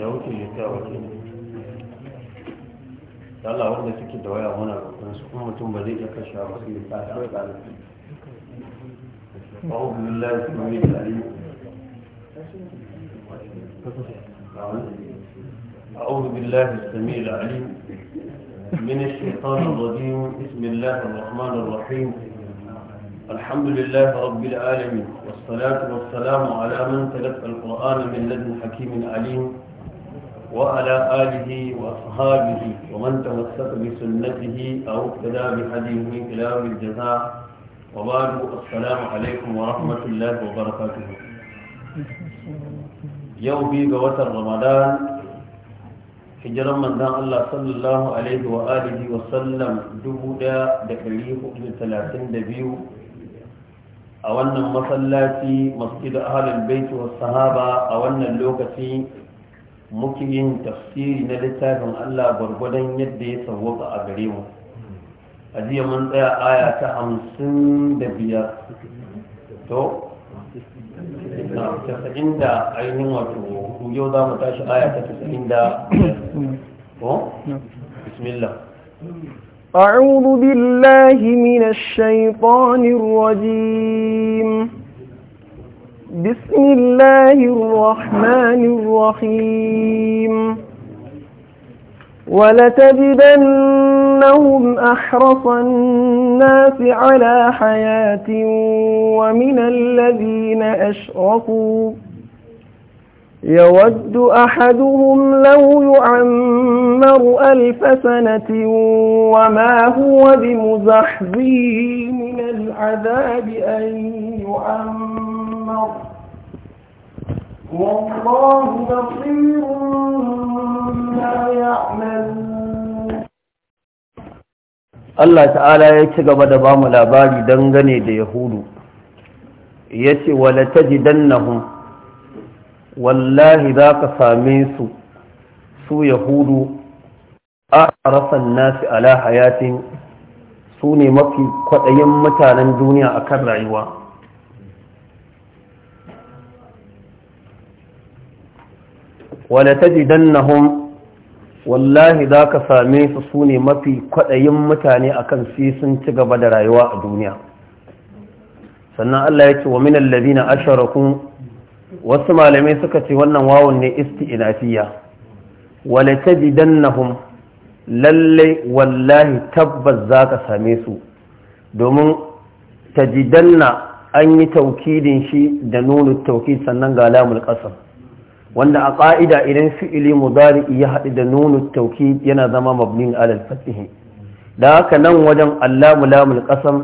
ya wuce ya ta wuce Allah wanda suke da waya muna roƙon su kuma mutum ba zai iya kashe ba su yi tsada a tsarin أعوذ بالله السميع العليم أعوذ بالله السميع العليم من الشيطان الرجيم بسم الله الرحمن الرحيم الحمد لله رب العالمين والصلاة والسلام على من تلقى القرآن من لدن حكيم عليم وعلى آله وأصحابه ومن تمسك بسنته أو اقتدى بهديه إلى الجزاء وبعد السلام عليكم ورحمة الله وبركاته يومي بوت رمضان hijiran manzan Allah sallallahu Alaihi wa alihi wasallam 1432 a wannan masallaci masjid ahalul baiti wa sahaba a wannan lokaci muke yin tafsiri na littafin Allah gwargwadon yadda ya sauwaka a gare mu a jiya mun tsaya aya ta hamsin da biyar to na tasa'in da ainihin wato yau za mu tashi aya ta tasa'in da bismillah أعوذ بالله من الشيطان الرجيم بسم الله الرحمن الرحيم ولتجدنهم أحرص الناس على حياة ومن الذين أشركوا يود أحدهم لو يعمر ألف سنة وما هو بمزحزه من العذاب أن يعمر والله بصير ما يعملون الله تعالى يتقب دبام الأباري دنغني ديهود يتي ولتجدنهم wallahi za ka same su su yahudu a rasan nasi ala hayatin su ne mafi kwaɗayin mutanen duniya kan rayuwa wale na jidan wallahi za ka same su su ne mafi kwaɗayin mutane akan si sun ci gaba da rayuwa a duniya sannan allah ya ce wa minan labina asharakun wasu malamai suka ce wannan wawon ne isti'inafiya wale ta jidannahum lalle wallahi tabbas za ka same su domin ta jidanna an yi taukidin shi da nunu taukid sannan ga lamul ƙasar wanda a ƙa'ida idan fi'ili mudari ya haɗu da nunu taukid yana zama mabnin alal fatihi da haka nan wajen allamu lamul ƙasar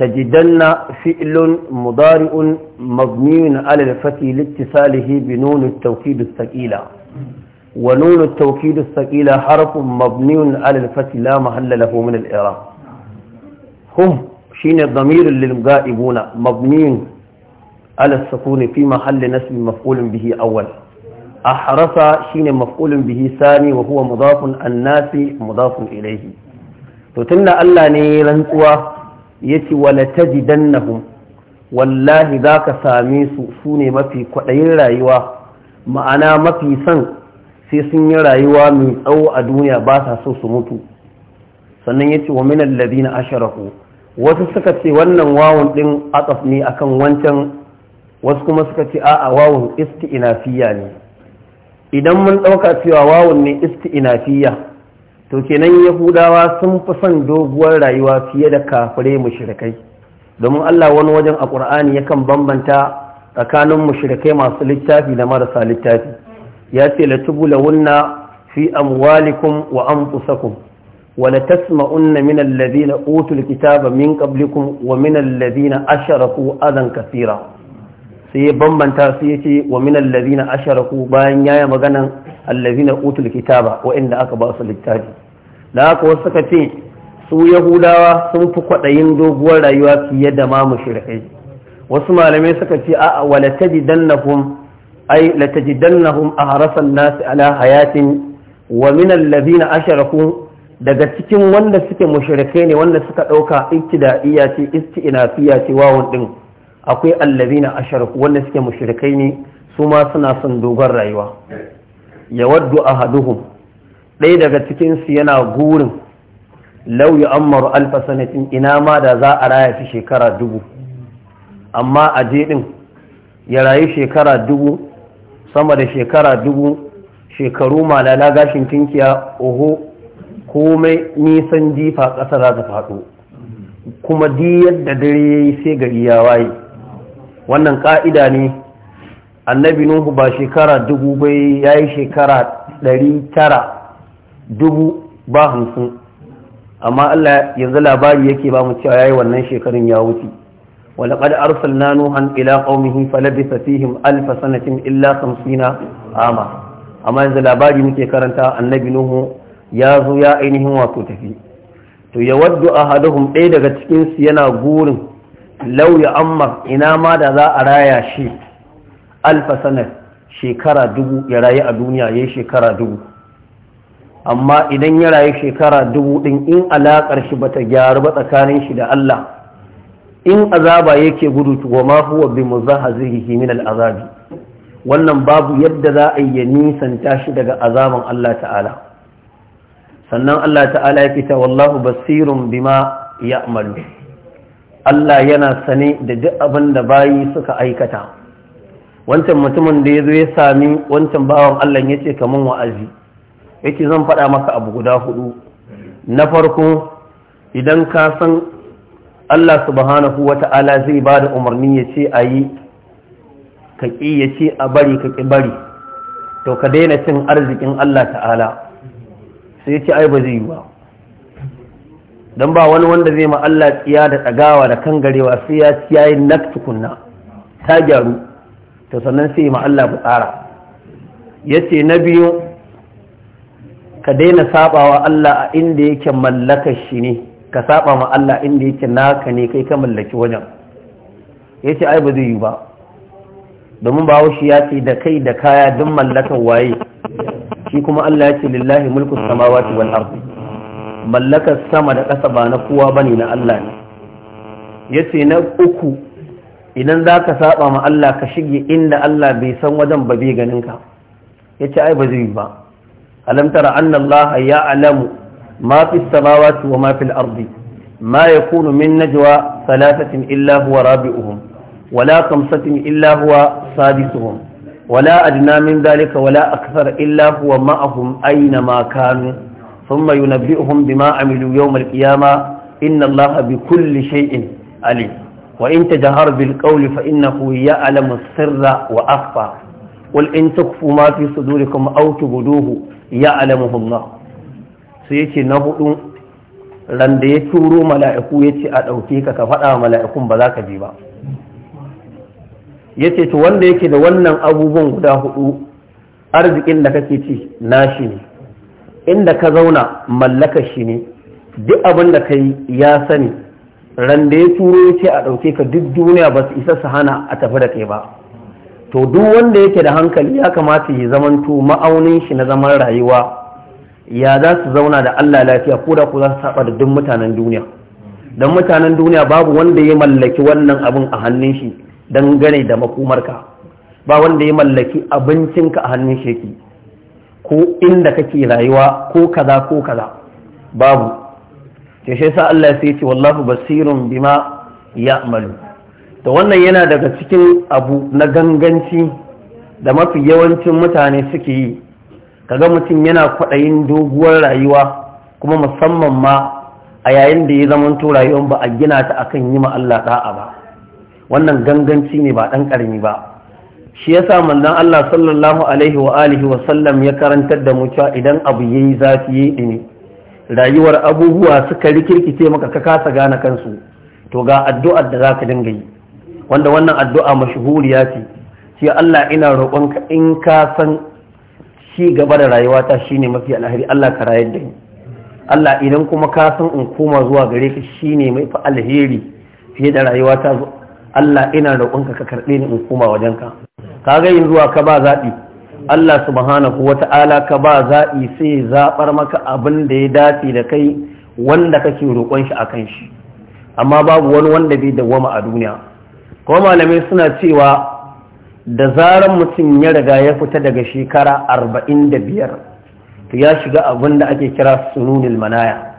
تجدن فعل مضارع مبني على الفتح لاتصاله بنون التوكيد الثقيلة ونون التوكيد الثقيلة حرف مبني على الفتح لا محل له من الإعراب هم شين ضمير للغائبون مبني على السكون في محل نسب مفعول به أول أحرص شين مفعول به ثاني وهو مضاف الناس مضاف إليه وتمنى ألا نيرنقوا yace wala tajidannahum wallahi za ka same su ne mafi kwaɗayin rayuwa ma'ana mafi son sai sun yi rayuwa mai tsawo a duniya ba sa so su mutu sannan yace wa minal ladina asharaku wasu suka ce wannan wawun din ataf ne akan wancan wasu kuma suka ce a'a wawun isti'nafiya ne idan mun ɗauka cewa wawun ne isti'nafiya to kenan yahudawa sun fi son doguwar rayuwa fiye da kafirai mushrikai domin Allah wani wajen a Qur'ani yakan bambanta tsakanin mushrikai masu littafi da marasa littafi ya ce la wunna fi amwalikum wa anfusakum wa la tasma'unna min alladhina utul kitaba min qablikum wa min alladhina asharaku adan kathira sai bambanta sai yace wa min alladhina asharaku bayan yaya maganan allazina utul kitaba inda aka ba su littafi da haka wasu suka ce su yahudawa sun fi kwaɗayin doguwar rayuwa fiye da ma mushrikai wasu malamai suka ce a'a wa latajidannahum ay latajidannahum ahrasan nas ala hayatin wa min allazina ashraku daga cikin wanda suke mushrikai ne wanda suka dauka ibtida'iyya ce istinafiya ce wawun din akwai allazina ashraku wanda suke mushrikai ne su ma suna son dogon rayuwa ya waddu a haduhun, ɗaya daga cikinsu yana gurin lauyi an ammaru alfa sanatin ina ma da za a raya fi shekara dubu amma a ɗin ya rayu shekara dubu sama da shekara dubu shekaru malala gashin tunkiya? oho komai nisan jifa ƙasa za ta faɗo kuma di yadda dare ya yi sai gari ya waye wannan ƙa'ida ne annabi nuhu ba shekara dubu bai ya yi shekara ɗari tara dubu ba hamsin amma Allah yanzu labari yake ba mu cewa yi wannan shekarun ya wuce walaqad na nuhan ila qaumihi falabitha fihim alf sanatin illa 50 ama amma yanzu labari muke karanta annabi nuhu ya zo ya ainihin wato tafi to yawaddu ahaduhum ɗaya daga cikin su yana gurin lauya amma ina ma da za a raya shi alfa sanar shekara dubu ya rayu a duniya ya yi shekara dubu amma idan ya rayu shekara dubu ɗin in alaƙar shi bata gyaru ba tsakanin shi da Allah in azaba yake gudu wa ma huwa bi muzahazihi min al'azabi wannan babu yadda za a yi nisanta shi daga azaban Allah ta'ala sannan Allah ta'ala ya fita wallahu basirun bima ya'malu Allah yana sane da duk abin da bayi suka aikata wancan mutumin da ya zo ya sami wancan bawan Allah ya ce kaman wa'azi yake zan faɗa maka abu guda hudu na farko idan ka san Allah subhanahu wata'ala zai ba da umarni ya ce a yi ka ƙi ya ce a bari ka ƙi bari to ka daina cin arzikin Allah ta'ala sai ce ai ba zai yi ba don ba wani wanda zai ma Allah tsiya da tsagawa da kangarewa sai ya yi nak tukunna ta gyaru Ta sannan sai ma Allah tsara yace na biyu ka daina sabawa Allah a inda yake mallaka shi ne ka saba ma Allah inda yake naka ne kai ka mallaki wajen yace ai ba zai yi ba domin ba shi ya ce da kai da kaya duk mallakan waye shi kuma Allah ya ce lillahi mulku samawati wal ardi mallakar sama da ƙasa ba na kowa bane na Allah ne ce na uku idan za ka saba ma Allah ka shige inda Allah bai san wajen ba bai ganin ka ya ce ai ba zai ba alam tara anna Allah ya alamu ma fi samawati wa ma fi al-ardi ma yakunu min najwa illa huwa rabi'uhum wala kamsatin illa huwa sadisuhum wala adna min dhalika wala akthar illa huwa ma'ahum aina ma kanu thumma yunabbi'uhum bima amilu yawm al-qiyamah inna Allah bi kulli shay'in alim وإن jihar bilkauli فإنه يعلم koyi ya قل إن تخفوا ما في صدوركم أو تبدوه يعلمه الله سيتي نبؤ ran da ya turo mala'iku ya ce a ɗauke ka ka faɗa wa mala'ikun ba za ka je ba yace ce to wanda yake da wannan abubuwan guda huɗu arzikin da kake ci na shi ne inda ka zauna mallaka shi ne duk abin da ka yi ya sani ran da ya turo ya ce a ɗauke ka duk duniya ba su isa su hana a tafi da kai ba to duk wanda yake da hankali ya kamata ya zamanto ma'aunin shi na zaman rayuwa ya za su zauna da Allah lafiya ko da ku za su saba da duk mutanen duniya don mutanen duniya babu wanda ya mallaki wannan abin a hannun shi don gane da makomarka ba wanda ya mallaki abincinka a hannun shi ko inda kake rayuwa ko kaza ko kaza babu ke shi sa Allah sai ce wallahu basirun bima ya'malu to wannan yana daga cikin abu na ganganci da mafi yawancin mutane suke yi kaga mutum yana kwaɗayin doguwar rayuwa kuma musamman ma a yayin da ya zama to rayuwar ba a gina ta akan yi ma Allah da'a ba wannan ganganci ne ba ɗan ƙarami ba shi sa manzon Allah sallallahu alaihi wa alihi wa sallam ya karantar da mu cewa idan abu ya yi zafi ya yi ne rayuwar abubuwa suka rikirkice maka ka kasa gane kansu to ga addu'ar da zaka dinga yi wanda wannan addu'a mashhuriya ce ce Allah ina roƙonka in ka san ci gaba da rayuwata shine mafi alheri Allah ka rayar da ni Allah idan kuma ka san in koma zuwa gare ka shine mai fa alheri fiye da rayuwata Allah ina roƙonka ka karɓe ni in koma wajenka kaga yin zuwa ka ba zaɓi Allah subhanahu ala ka ba za'i sai zaɓar maka abin da ya dace da kai wanda kake roƙon shi a kan shi amma babu wani wanda bai dawwama a duniya ko malamai suna cewa da zarar mutum ya riga ya fita daga shekara arba'in da biyar to ya shiga abin da ake kira sununil manaya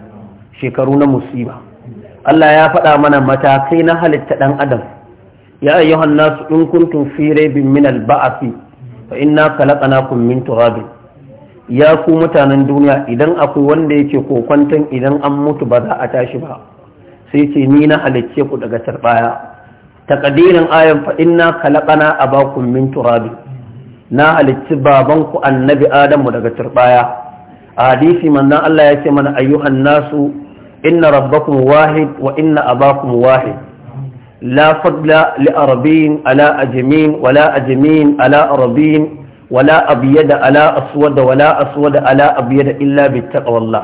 shekaru na musiba Allah ya faɗa mana matakai na halitta ɗan adam ya ayyuhan nasu in kuntum fi raibin min al fa inna khalaqnakum min turab ya ku mutanen duniya idan akwai wanda yake kokwanton idan an mutu ba za a tashi ba sai ce ni na halicce ku daga tarbaya takadirin ayan fa inna khalaqna abakum min turab na halicci ku annabi adamu daga A hadisi manzon Allah ya ce mana ayyuhan nasu inna rabbakum wahid wa inna abakum wahid لا فضل لأربين على أجمين ولا أجمين على أربين ولا أبيد على أسود ولا أسود على أبيد إلا بالتقوى الله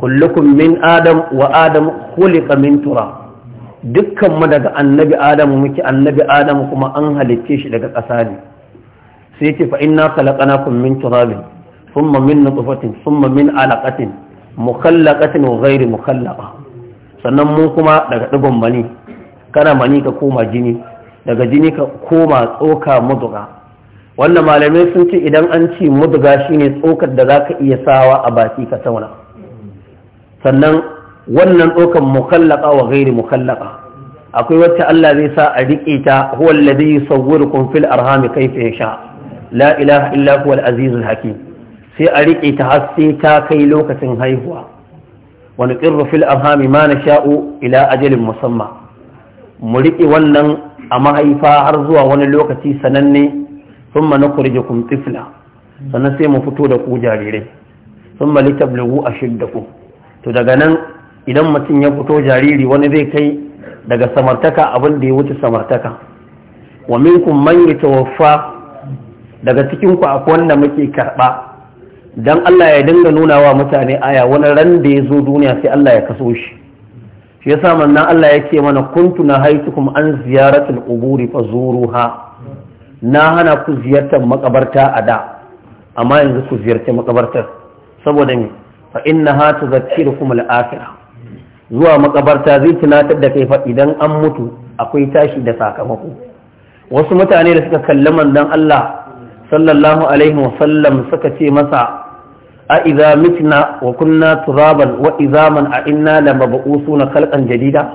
كلكم من آدم وآدم خلق من تراب dukkan mu daga annabi adamu muke annabi adamu kuma an halicce shi daga ƙasa ne sai ce fa inna khalaqnakum min turabin thumma min nutfatin thumma min alaqatin wa sannan mu kuma daga digon bani kana mani ka koma jini daga jini ka koma tsoka muduga wannan malamai sun ce idan an ci muduga shine tsokar da za ka iya sawa a baki ka tauna sannan wannan tsokar mukallaka wa gairi mukallaka akwai wacce Allah zai sa a riƙe ta huwa alladhi yusawwirukum fil arhami kayfa yasha la ilaha illa huwa al hakim sai a riƙe ta har sai ta kai lokacin haihuwa wani ƙirru fil arhami ma na sha'u ila ajalin musamman mu riƙe wannan a mahaifa har zuwa wani lokaci sananne sun ma na kurje kun tifla sannan sai mu fito da ku jarirai sun ma litablagu a shidda ku to daga nan idan mutum ya fito jariri wani zai kai daga samartaka abin da ya wuce samartaka wa minkum man yatawaffa daga cikin ku akwai wanda muke karba dan Allah ya dinga nuna wa mutane aya wani ran da ya zo duniya sai Allah ya kaso shi shi yasa mannan Allah yake mana kuntu na haitukum an ziyaratul quburi fazuruha na hana ku ziyartar makabarta a da amma yanzu ku ziyarci makabartar saboda me fa innaha tuzakkirukum al-akhirah zuwa makabarta zai tunatar da kai fa idan an mutu akwai tashi da sakamako wasu mutane da suka kalli mannan Allah sallallahu alaihi wasallam suka ce masa a iza mitna wa kunna turaban wa man a inna suna kalkan jadida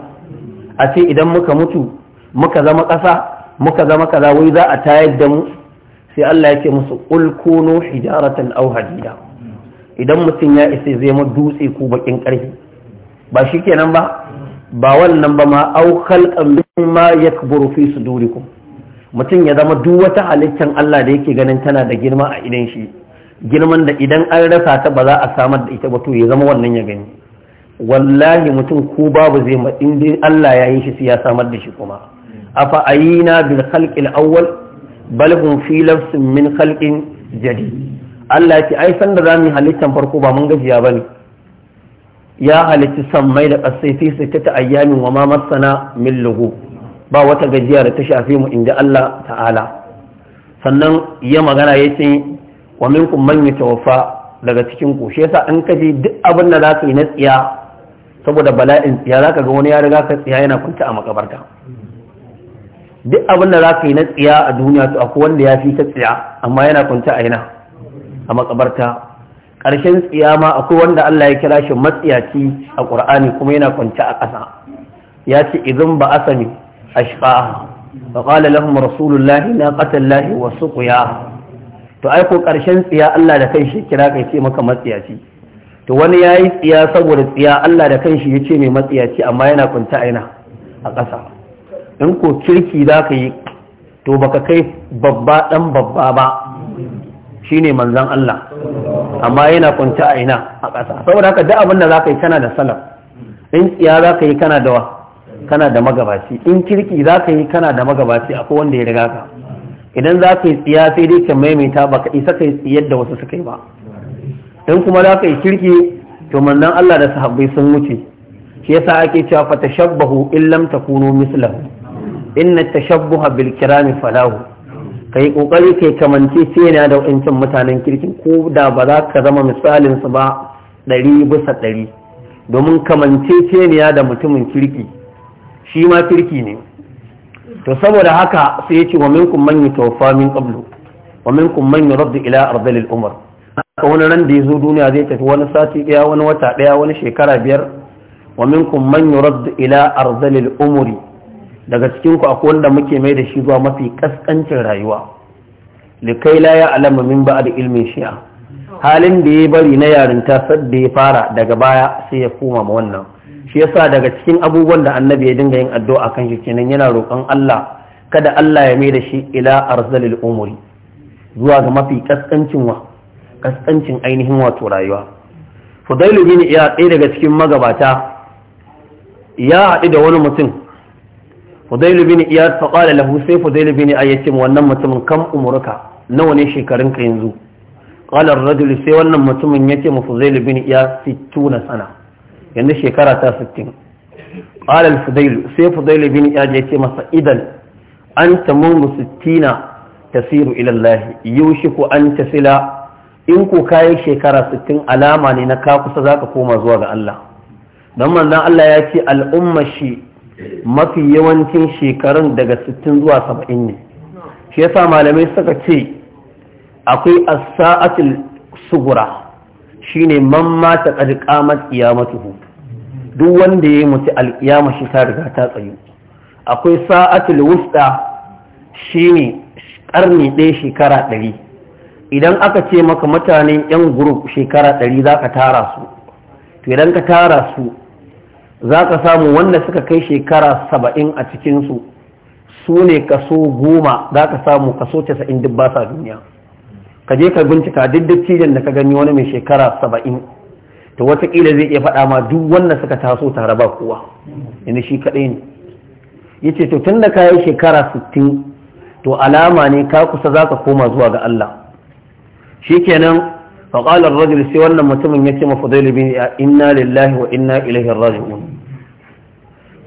a ce idan muka mutu muka zama ƙasa muka zama kaza wai za a tayar da mu sai Allah yake musu qul kunu hijaratan aw hadida idan mutum ya isa zai mu dutse ko bakin karfi ba shikenan ba ba wannan ba ma aw khalqan mimma yakburu fi sudurikum mutum ya zama duk wata halittar Allah da yake ganin tana da girma a idan shi girman da idan an rasa ta ba za a samar da ita ba to ya zama wannan ya gani wallahi mutum ko babu zai ma in dai Allah ya yi shi sai ya samar da shi kuma afa ayina bil khalqil awwal bal hum fi lafsin min khalqin jadid Allah ya ce ai san da zamu halittan farko ba mun gajiya bane ya halitti sammai da ƙasai fi sittata ayyamin wa ma masana min lugu ba wata gajiya da ta shafe mu inda Allah ta'ala sannan ya magana ya ce wa manya man yatawaffa daga cikin ku shi yasa an kaje duk abin da za ka yi na tsiya saboda bala'in tsiya za ka ga wani ya riga ka tsiya yana kunta a makabarta duk abin da za ka yi na tsiya a duniya to akwai wanda ya fi ta tsiya amma yana kunta a yana a makabarta ƙarshen tsiya ma akwai wanda Allah ya kira shi matsiyaci a Ƙur'ani kuma yana kunta a ƙasa ya ce idan ba asami ashqa fa qala lahum rasulullahi naqatallahi wa suqiyaha to ai ko karshen tsiya Allah da kanshi kira kai ce maka matsiyaci to wani yayi tsiya saboda tsiya Allah da kanshi yace mai matsiyaci amma yana kunta aina a ƙasa in ko kirki za ka yi to baka kai babba dan babba ba shine manzon Allah amma yana kunta aina a ƙasa saboda haka duk abin da za ka yi kana da salaf in tsiya za ka yi kana da wa kana da magabaci in kirki za ka yi kana da magabaci akwai wanda ya riga ka idan za ka yi tsiya sai dai ka maimaita ba ka isa ka yi tsiyar da wasu suka yi ba in kuma za ka yi kirki to mannan Allah da sahabbai sun wuce shi yasa ake cewa fa tashabbahu illam takunu mislahu inna tashabbaha bil kirami falahu kai kokari kai kamance ce yana da wancin mutanen kirki, ko da ba za ka zama misalin su ba ɗari bisa ɗari domin kamance ce da mutumin kirki shi ma kirki ne to saboda haka sai yace wa minkum man yutawaffa min qablu wa minkum man yurad ila ardhil umr haka wani ran da yazo duniya zai tafi wani sati daya wani wata daya wani shekara biyar wa minkum man yurad ila ardhil umri daga cikin ku akwai wanda muke mai da shi zuwa mafi kaskancin rayuwa likai la ya alama min ba'd ilmin shi'a halin da ya bari na yarinta sadda ya fara daga baya sai ya koma ma wannan shi yasa daga cikin abubuwan da annabi ya dinga yin addu'a kan shi kenan yana roƙon Allah kada Allah ya mai da shi ila arzalil umuri zuwa ga mafi kaskancin wa kaskancin ainihin wato rayuwa fudailu bin iya ɗaya daga cikin magabata ya haɗu da wani mutum fudailu bin iya ta ƙara lahu sai fudailu bin iya yace wannan mutumin kan umurka nawa ne shekarunka yanzu ƙalar rajul sai wannan mutumin yace mu fudailu bin iya 60 sana yanzu shekara ta 60 qala sai fudail bin iyad ya ce masa idan anta mumu 60 tasiru ilallahi yaushe ko an sila in ku kayi shekara sittin, alama ne na ka kusa za ka koma zuwa ga Allah dan manzan Allah ya ce al'umma shi mafi yawancin shekarun daga sittin zuwa saba'in ne shi yasa malamai suka ce akwai as-sa'atul sugura Shi ne man mata qad qamat duk wanda ya mutu alqiyama shi ta riga ta tsayu akwai sa'atul wusta ne karni ɗaya shekara ɗari idan aka ce maka mutane yan gurub shekara ɗari za ka tara su to idan ka tara su za ka samu wanda suka kai shekara saba'in a cikinsu su ne kaso goma za ka samu kaso casa'in duk basa sa duniya ka je ka bincika duk dattijan da ka gani wani mai shekara saba'in to watakila zai iya faɗa ma duk wanda suka taso tare ba kowa yana shi kaɗai ne ya ce to tun da ka yi shekara sittin to alama ne ka kusa za ka koma zuwa ga Allah shi kenan faƙalar rajul sai wannan mutumin ya ce ma fudail bin inna lillahi wa inna ilaihi raji'un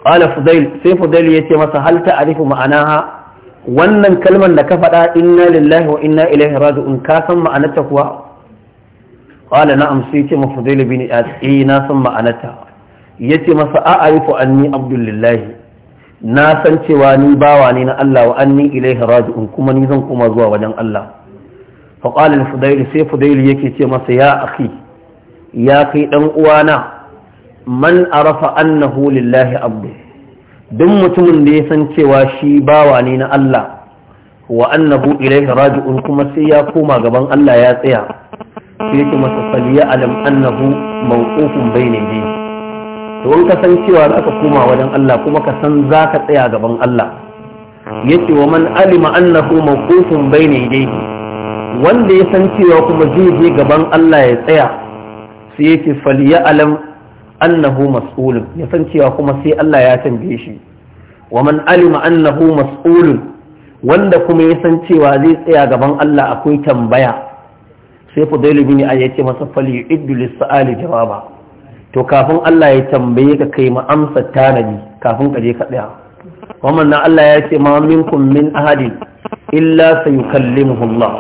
qala fudail sai fudail ya ce masa hal ta'rifu ma'anaha wannan kalmar da ka faɗa inna lillahi wa inna ilaihi raji'un ka san ma'anarta kuwa qala na'am sai ce mafdil bin asi eh, na san ma'anarta yace masa a'arifu anni abdullahi na san cewa ni bawa ne na Allah wa anni ilaihi raji'un kuma ni zan koma zuwa wajen Allah fa qala al-fudail sai fudail yake ce masa ya akhi ya kai dan uwana man arafa annahu lillahi abdu duk mutumin da ya san cewa shi bawa ne na Allah wa annahu ilayhi raji'un kuma sai ya koma gaban Allah ya tsaya sai yake masa faliya alam annahu mawqufun bayna yadayhi to in ka san cewa zaka koma wajen Allah kuma ka san zaka tsaya gaban Allah yace wa man alima annahu mawqufun bayna yadayhi wanda ya san cewa kuma zai je gaban Allah ya tsaya sai yake faliya alam annahu mas'ulun ya san cewa kuma sai Allah ya tambaye shi wa man alima annahu mas'ulun wanda kuma ya san cewa zai tsaya gaban Allah akwai tambaya sai fudailu bin ya ce masa fali iddu lis-sa'ali jawaba to kafin Allah ya tambaye ka kai ma amsa tanadi kafin ka je ka tsaya wannan nan Allah ya ce ma minkum min ahadin illa sayukallimuhu Allah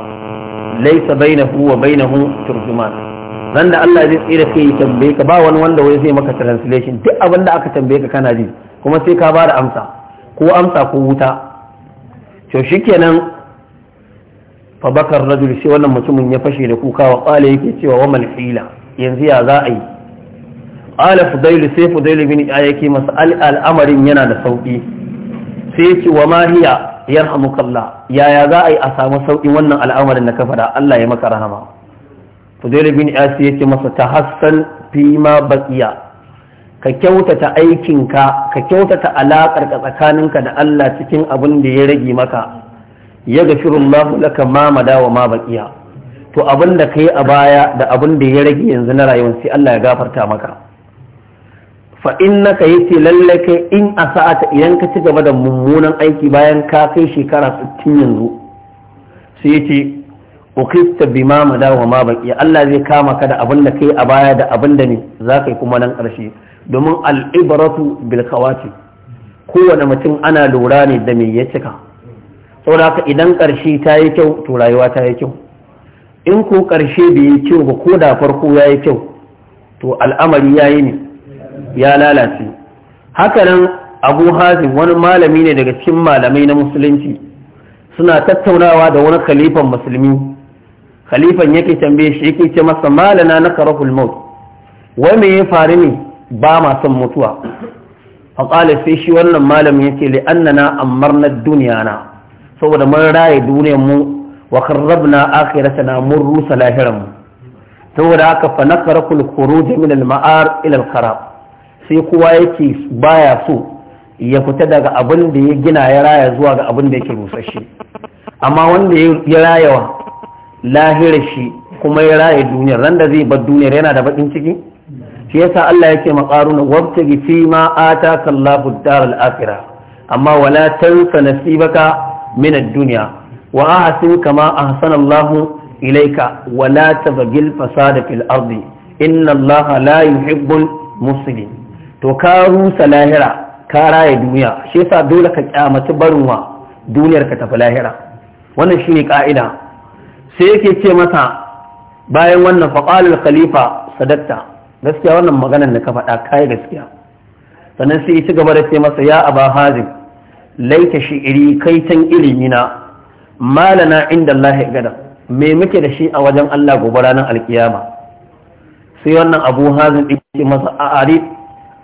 laysa bainahu wa bainahu turjuman nan da Allah zai tsira kai ya tambaye ka ba wani wanda wai zai maka translation duk abin da aka tambaye ka kana ji kuma sai ka bada amsa ko amsa ko wuta to shikenan fa bakar rajul wannan mutumin ya fashe da kuka wa qala yake cewa wa mal hila yanzu ya za a yi qala fudailu sai fudailu bin ayyaki masa al'amarin yana da sauki sai yake wa ma hiya yarhamukallah yaya za a yi a samu sauki wannan al'amarin da ka faɗa Allah ya maka rahama fudail bin siya yace masa ta Hassan fi ma baqiya ka kyautata aikinka ka kyautata alaƙar ka tsakaninka da Allah cikin abin da ya rage maka ya gafirullahu laka ma mada wa ma baqiya to abin da kai a baya da abin da ya rage yanzu na rayuwar sai Allah ya gafarta maka fa innaka yace lalle kai in a sa'ata idan ka ci gaba da mummunan aiki bayan ka kai shekara sittin yanzu sai ce. ukifta bima mada wa ma baki Allah zai kama ka da abin da kai a baya da abin da ne za ka yi kuma nan ƙarshe domin al'ibaratu bil kawati kowane mutum ana lura ne da me ya cika saboda haka idan ƙarshe ta yi kyau to rayuwa ta yi kyau in ko ƙarshe bai yi kyau ba ko da farko ya yi kyau to al'amari ya yi ne ya lalace hakanan abu hazin wani malami ne daga cikin malamai na musulunci suna tattaunawa da wani khalifan musulmi khalifan yake tambaye shi yake ce masa malana na karahul maut wai me ya faru ne ba ma son mutuwa fa qala sai shi wannan malamin yake li annana amarna dunya na saboda mun raye duniyar mu wa kharrabna akhiratana mun rusa lahiran mu saboda haka fa nakarakul khuruj min al ma'ar ila al kharab sai kowa yake baya so ya fita daga abin da ya gina ya raya zuwa ga abin da yake rusashe amma wanda ya raya lahirar shi kuma ya raye duniyar ran da zai bar duniyar yana da bakin ciki shi yasa Allah yake maqaruna wabtagi fi ma ata Allahu dar daral akhirah amma wala tansa nasibaka min ad-dunya wa ahsin kama ahsana Allahu ilayka wala tabghil fasada fil ardi inna Allaha la yuhibbul mufsidin to ka rusa lahira ka raye duniya shi yasa dole ka kyamaci barinwa duniyar ka tafi lahira wannan shine ka'ida sai yake ce masa bayan wannan faƙalar khalifa sadakta gaskiya wannan maganar da ka faɗa kayi gaskiya sannan sai ci gaba da ce masa ya aba hazim laita shi'iri kai can ilimina malana inda Allah ya gada me muke da shi a wajen Allah gobe ranar alkiyama sai wannan abu hazin ɗin masa a arif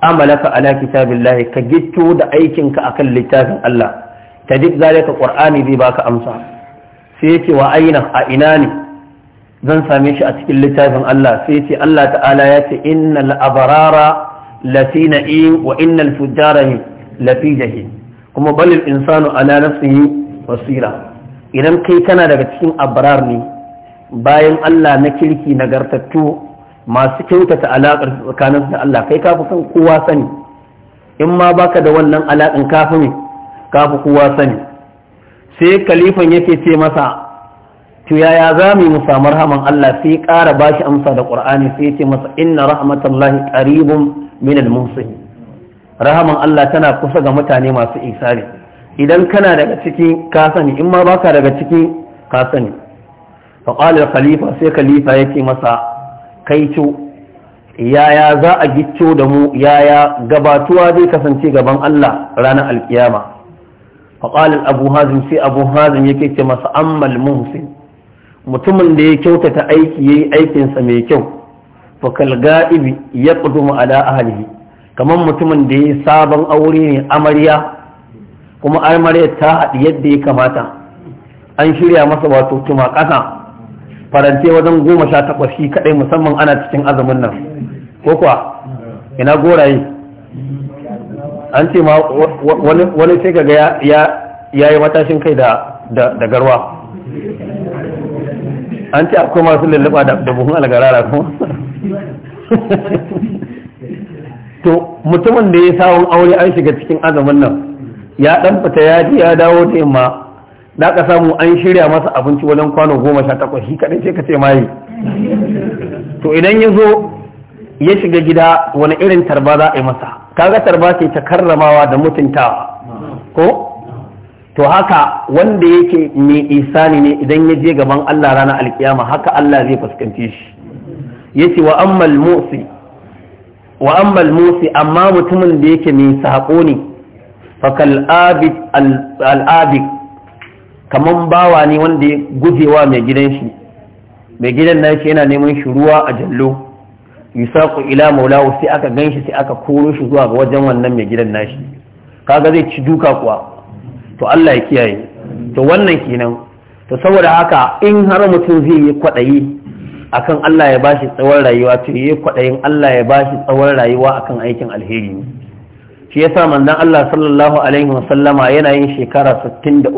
amalaka ala kitabillahi ka gitto da aikinka akan littafin Allah ta duk zalika qur'ani zai baka amsa sai ce, wa aina a ina ne zan same shi a cikin littafin Allah sai ce Allah ta'ala ya ce innal abrara lafi na'im wa innal fujjara lafi jahim kuma balil insanu ala nafsihi wasira idan kai kana daga cikin abrar ne bayan Allah na kirki nagartattu masu kyautata alaƙar tsakanin da Allah kai kafi san kowa sani in ma baka da wannan alaƙin kafi ne kafi kowa sani sai kalifan yake ce masa to yaya za mu mu samu rahaman Allah sai ƙara ba shi amsa da ƙur'ani sai ce masa inna rahmatullahi qaribun min al rahaman Allah tana kusa ga mutane masu isari idan kana daga ciki ka sani in ma baka daga ciki ka sani fa qala khalifa sai khalifa yake masa kai to yaya za a gicco da mu yaya gabatuwa zai kasance gaban Allah ranar alkiyama faƙalin abu hazin sai abu hazin yake ce masa ammal muhsin mutumin da ya kyautata aiki ya yi aikinsa mai kyau faƙal ga'ibi ya ƙudumu ala ahalihi kamar mutumin da ya yi sabon aure ne amarya kuma amarya ta haɗi yadda ya kamata an shirya masa wato tuma ƙasa Farance wajen goma sha takwas shi kaɗai musamman ana cikin azumin nan ko kuwa ina goraye an ce ma wani sai kaga ya yi matashin kai da garwa an ce akwai masu lullaba da buhun algarara kuma to mutumin da ya sawon aure an shiga cikin azumin nan ya dan fita ya ji ya dawo da yamma da ka samu an shirya masa abinci wajen kwano goma sha takwas shi kaɗai ce ka ce yi. to idan ya zo ya shiga gida wani irin tarba za a yi masa kaga tarba ce ta karramawa da mutuntawa ko to haka wanda yake mai isani ne idan ya je gaban Allah ranar alkiyama haka Allah zai fuskanci shi yace wa ammal musi wa ammal musi amma mutumin da yake mai sako ne fakal abid al abid kaman bawa ne wanda ya gujewa mai gidan shi mai gidan nashi yana neman shi ruwa a jallo yusaku ila maulahu sai aka ganshi sai aka koro shi zuwa ga wajen wannan mai gidan nashi kaga zai ci duka kuwa to Allah ya kiyaye to wannan kenan to saboda haka in har mutum zai yi kwadayi akan Allah ya bashi tsawon rayuwa to yi kwadayin Allah ya bashi tsawon rayuwa akan aikin alheri shi yasa manzon Allah sallallahu alaihi wasallama yana yin shekara 63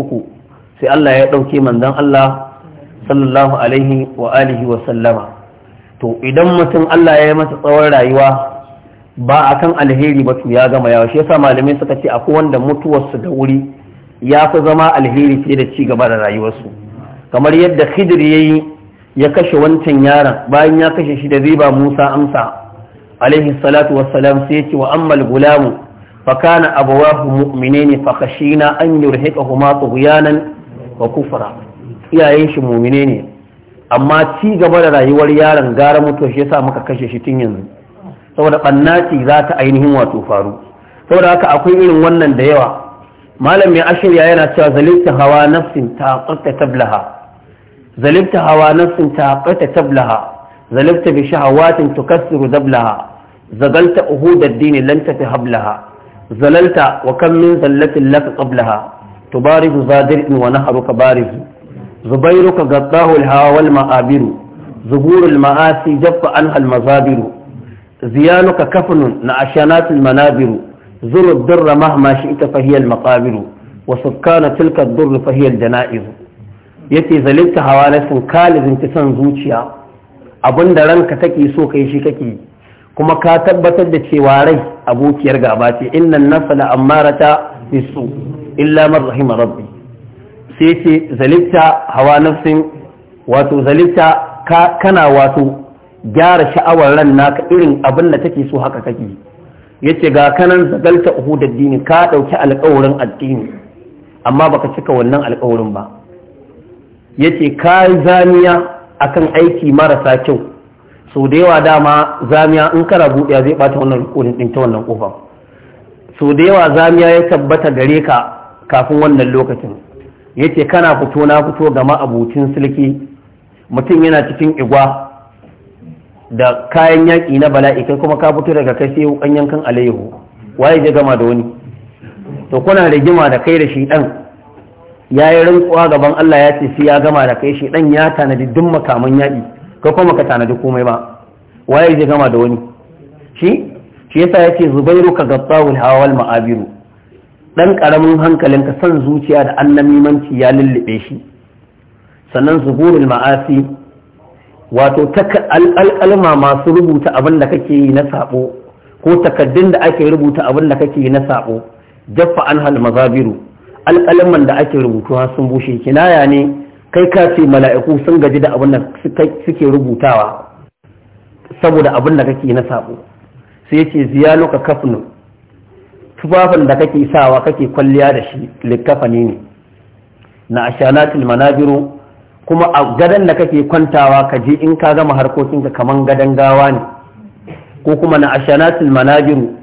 sai Allah ya dauke manzon Allah sallallahu alaihi wa alihi sallama. to idan mutum Allah ya yi masa tsawon rayuwa ba a kan alheri ba to ya gama yawa shi yasa malamai suka ce akwai wanda mutuwarsu da wuri ya fi zama alheri fiye da ci gaba da rayuwarsu kamar yadda khidir ya yi ya kashe wancan yaron bayan ya kashe shi da riba musa amsa alaihi salatu wassalam sai ya ce wa ammal gulamu fa kana abawahu mu'minaini fa khashina an yurhiqahuma tughyanan wa kufra iyayen shi muminai ne amma ci gaba da rayuwar yaron gara mutuwa shi yasa muka kashe shi tun yanzu saboda ɓannaci za ta ainihin wato faru saboda haka akwai irin wannan da yawa malam mai ashirya yana cewa zalibta hawa nafsin ta qatta tablaha zalibta hawa nafsin ta qatta tablaha zalibta bi shahawatin tukassiru dablaha zagalta uhud ad-din lan hablaha zalalta wa kam min zallatin lak qablaha tubarizu zadir wa nahruka barizu zubairuka gaddahu al-hawa wal ma'abiru zuburul ma'asi jaffa anha al ziyanuka kafnun na ashanatul manabiru زر الدر مهما شئت فهي المقابر وسكان تلك الدر فهي الجنائز yace zalilta hawalatin kalibin ta san zuciya abinda ranka take so kai shi kake kuma ka tabbatar da cewa rai abokiyar gaba ce innan nafsa la ammarata bisu illa man rahima rabbi sai yake zalitta hawa nafsin wato ka kana wato gyara sha'awar ran naka irin abin da take so haka kake yace ga kanan zagalta da dini ka dauki alƙawarin addini amma baka cika wannan alƙawarin ba yace ka zamiya akan aiki marasa kyau sau da yawa dama zamiya in kana buɗe zai bata wannan rukunin din ta wannan kofa sau da yawa zamiya ya tabbata gare ka kafin wannan lokacin yace kana fito na fito gama abucin sulki mutum yana cikin igwa da kayan yaƙi na bala'i kai kuma ka fito daga kai sai wukan yankan alayyahu waye ya gama da wani to kuna rigima da kai da shi dan ya yi rantsuwa gaban Allah ya ce sai ya gama da kai shi dan ya tanadi duk makaman yaƙi kai kuma ka tanadi komai ba waye ya gama da wani shi shi yasa yace zubairu ka gattawul hawal ma'abiru ɗan ƙaramin hankalin ka san zuciya da annamimanci ya lullube shi sannan zuhurul ma'asi wato alƙalma masu rubuta abin da kake yi na saɓo ko takaddun da ake rubuta abin da kake yi na saɓo jaffa an hal mazabiru alƙalman da ake rubutu sun bushe kinaya ne kai ka ce mala'iku sun gaji da abin da suke rubutawa saboda abin da kake yi na saɓo sai ce ziyalo ka kafnu tufafin da kake sawa kake kwalliya da shi likkafani ne na ashalatul manabiru kuma a gadon da kake kwantawa ka je in ka gama harkokinka kaman gadon gawa ne ko kuma na ashanatul manabiru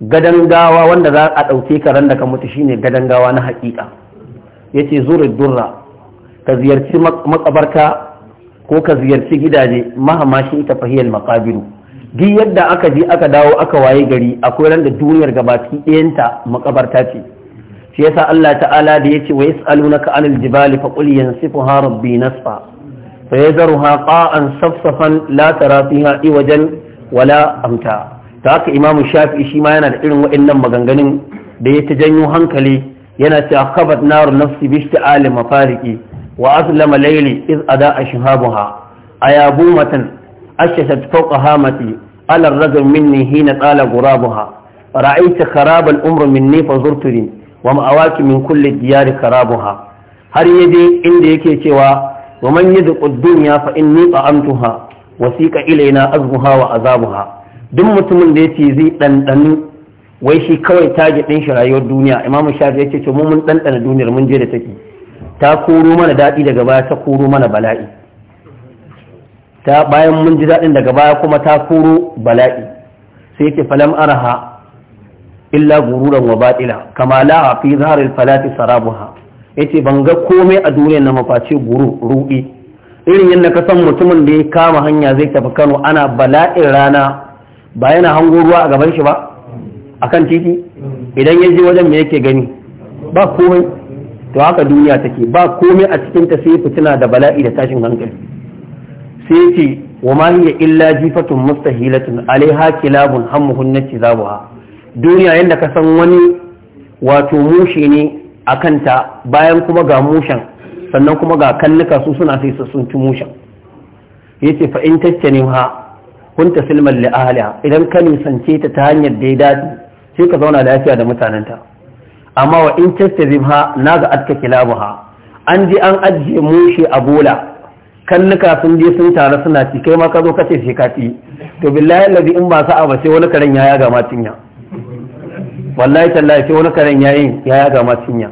gadon gawa wanda za a ɗauke ka ran da ka mutu shine gadon gawa na haƙiƙa yace zurid durra ka ziyarci makabarta ko ka ziyarci gidaje mahamashi shi ita fahiyal maqabiru duk yadda aka je aka dawo aka waye gari akwai ran da duniyar gabaki ɗayanta makabarta ce shi yasa Allah ta'ala da yace wa yas'alunaka 'anil jibali fa qul yansifuha rabbi nasfa fa yadharuha qa'an safsafan la tara fiha iwajan wala amta ta haka imamu shafi'i shi ma yana da irin waɗannan maganganun da ya ta janyo hankali yana cewa kabat naru nafsi bi ishti'al mafariki wa aslama layli iz ada ashhabuha matan أشست فوق هامتي على الرجل مني حين طال غرابها رأيت خراب الأمر مني فزرتني ومأواك من كل الديار خرابها هل يدي عندي يكي سوى ومن يذق الدنيا فإني طعمتها وسيق إلينا أزمها وعذابها دم متمن ديتي زي تندن ويشي كوي تاجت نيش رأيو الدنيا إمام الشافعي يكي سوى ممن تندن الدنيا من جيرتك تاكورو من دائي لغبا تاكورو من بلائي ta bayan mun ji daɗin daga baya kuma ta koro bala'i sai ce falam araha illa gururan wa batila kama la fi zaharil falati sarabuha ce ban ga komai a duniya na mafaci guru ruɗi irin yadda ka san mutumin da ya kama hanya zai tafi Kano ana bala'in rana ba yana hango ruwa a gaban shi ba a kan titi idan ya je wajen me yake gani ba komai to haka duniya take ba komai a cikinta sai fitina da bala'i da tashin hankali sai ce wa ma hiya illa jifatun mustahilatun alaiha kilabun hammuhun na kizabuha duniya yadda ka san wani wato mushe ne a kanta bayan kuma ga mushen sannan kuma ga kalluka su suna sai su sun ci mushen ce fa in tattane ha ta silman li idan ka nisance ta ta hanyar da ya dace sai ka zauna lafiya da mutanenta amma wa in tattazim ha na naga atka ha. an ji an ajiye mushe a bola kannuka sun je sun taru suna ci kai ma ka zo kace sai ka ci to billahi allazi in ba sa'a ba sai wani karen ya yaga ma cinya wallahi tallahi sai wani karen yayi ya yaga ma cinya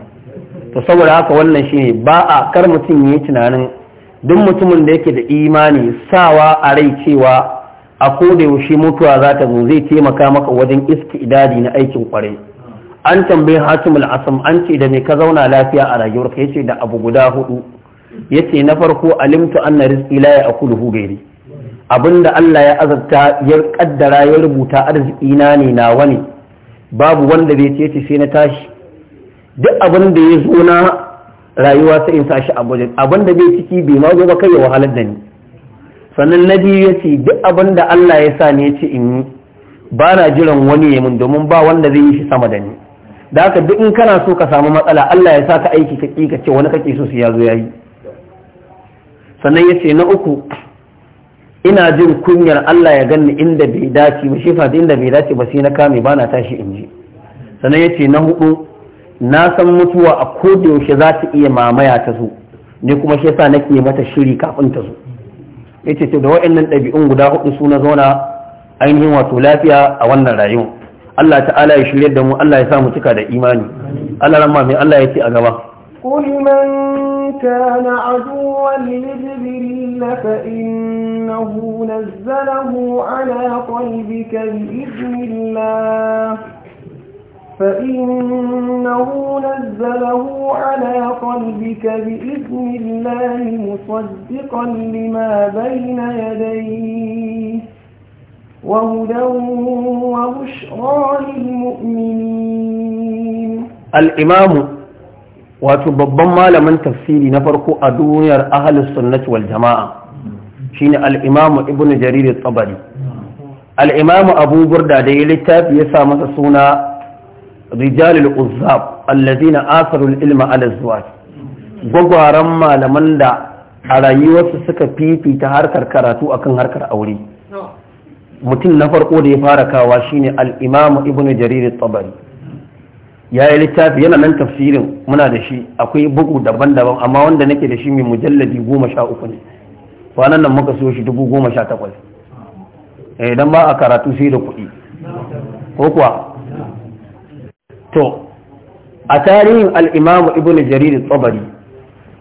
to saboda haka wannan shine ba a kar mutum yayi tunanin duk mutumin da yake da imani sawa a rai cewa a koda yaushe mutuwa za ta zo zai taimaka maka wajen iski idadi na aikin kwarai an tambayi hatimul asam an ce da me ka zauna lafiya a rayuwarka yace da abu guda hudu yace na farko alimtu anna rizqi la ya'kuluhu ghairi abinda Allah ya azabta ya kaddara ya rubuta arziki na ne nawa ne babu wanda bai ce sai na tashi duk abin ya zo na rayuwa sai in sashi a budget abin da bai ciki bai ma gobe kai ya wahalar da ni sannan na biyu yace duk abin Allah ya sa ne yace in yi ba na jiran wani ya mun domin ba wanda zai yi shi sama da ni da haka duk in kana so ka samu matsala Allah ya sa ka aiki ka ce wani kake so su ya zo yayi sannan ya ce na uku ina jin kunyar Allah ya ganni inda bai dace ba shifa da inda bai dace ba sai na kame ba na tashi in ji sannan ya ce na hudu na san mutuwa a koda yaushe za ta iya mamaya ta zo ne kuma shi yasa nake mata shiri kafin ta zo yace to da waɗannan ɗabi'un guda hudu su na zauna ainihin wato lafiya a wannan rayuwa Allah ta'ala ya shirye da mu Allah ya sa mu cika da imani Allah ramma mai Allah ya ce a gaba قل من كان عدوا لجبريل فإنه نزله على قلبك بإذن الله فإنه نزله على قلبك بإذن الله مصدقا لما بين يديه وهدى وبشرى للمؤمنين الإمام wato babban malamin tafsiri na farko a duniyar ahalus sunnati wal jama'a shine al-imamu ibnu jarir at-tabari al-imamu abu burda da ya littafi ya sa masa suna rijalul uzzab allazina asaru al-ilma ala az gwagwaran malaman da a rayuwarsu suka fifita harkar karatu akan harkar aure mutum na farko da ya fara kawa shine al-imamu ibnu jarir at-tabari ya yi littafi yana nan tafsirin muna da shi akwai bugu daban-daban amma wanda nake da shi mai mujalladi goma sha uku ne kwanan nan muka so shi dubu goma sha takwas eh, idan ba a karatu sai da kuɗi ko kuwa to a tarihin al'imamu ibn jarir tsabari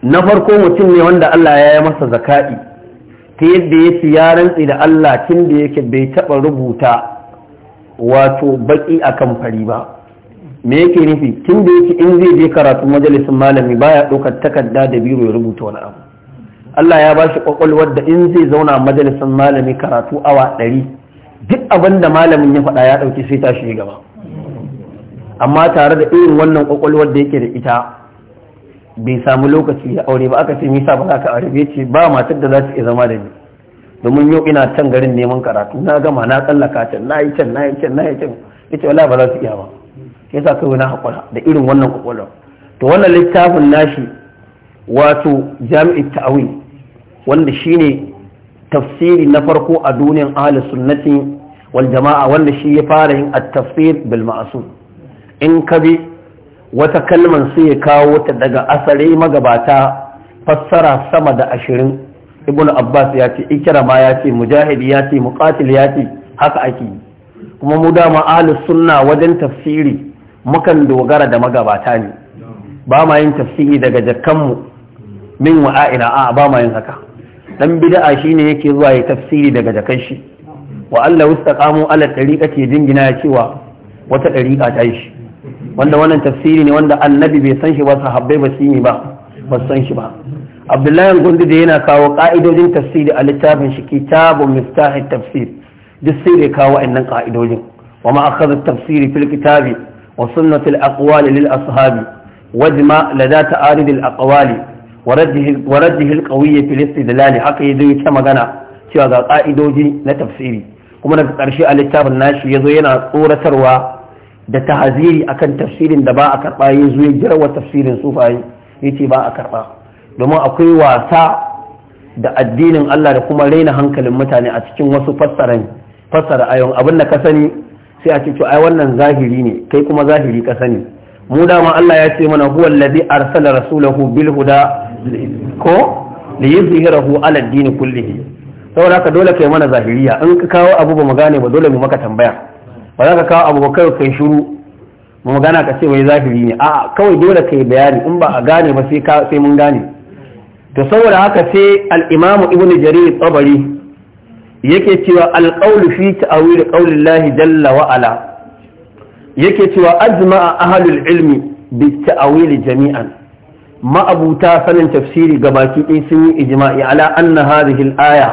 na farko mutum ne wanda Allah ya yi masa zaka'i ta yadda ya ci ya rantsi da Allah tun da yake bai taɓa rubuta wato baƙi a kan fari ba me yake nufi tun da yake in zai je karatu majalisin malami baya ɗaukar takarda da biro ya rubuta wani abu Allah ya ba shi kwakwalwar da in zai zauna majalisin malami karatu awa ɗari duk abin da malamin ya faɗa ya ɗauki sai tashi ya gaba amma tare da irin wannan kwakwalwar da yake da ita bai samu lokaci ya aure ba aka ce nisa ba za ka aure ce ba matar da za su iya zama da ni domin yau ina can garin neman karatu na gama na tsallaka can na yi can na yi can na yi can ita wala ba za su iya ba yasa kawai na haƙura da irin wannan ƙwaƙwalar to wannan littafin nashi wato jami'in ta'awi wanda shine tafsiri na farko a duniyar ahli sunnati wal jama'a wanda shi ya fara yin at-tafsir bil in ka bi wata kalman sai ya kawo ta daga asare magabata fassara sama da ashirin ibn abbas ya ce ikrama ya ce mujahid ya ce muqatil ya ce haka ake kuma mu dama ahli sunna wajen tafsiri mukan dogara da magabata ne ba ma yin tafsiri daga jakkanmu min wa'a'ina a ba ma yin haka dan bid'a shine yake zuwa ya tafsiri daga jakan shi wa Allah wastaqamu ala tariqati dingina ya cewa wata tariqa ta shi wanda wannan tafsiri ne wanda annabi bai san shi ba sahabbai ba su yi ba ba san shi ba Abdullahi Gondi da yana kawo ka'idojin tafsiri a littafin shi kitabun miftah tafsir duk sai da kawo wa'annan ka'idojin wa ma akhadha tafsiri fil kitabi وسنة الأقوال للأصحاب واجمع لدى تعارض الأقوال ورده, ورده القوية haka الاستدلال zo ya كما magana cewa ga ƙa'idoji na tafsiri kuma daga ƙarshe a littafin nashi ya zo yana tsoratarwa da tahaziri akan tafsirin da ba a karɓa ya zo ya tafsirin sufaye ya ba a karɓa domin akwai wasa da addinin Allah da kuma raina hankalin mutane a cikin wasu fassara ayon abin da ka sani sai a ce to ai wannan zahiri ne kai kuma zahiri ka sani mu dama Allah ya ce mana huwa allazi arsala rasulahu bil huda ko li yuzhirahu ala din kullihi saboda haka dole kai mana zahiriya in ka kawo abu ba mu ba dole mu maka tambaya ba za ka kawo abu ba kai kai shiru mu magana ka ce wai zahiri ne a kawai dole kai bayani in ba a gane ba sai sai mun gane to saboda haka sai al-imamu ibnu jarir tabari yake cewa alƙaulu fi ta'awil qaulillahi jalla wa ala yake cewa ajma'a ahlul ilmi bi ta'awil jami'an ma'abuta sanin tafsiri gabaki ɗaya sun yi ijma'i ala anna hadhihi al-aya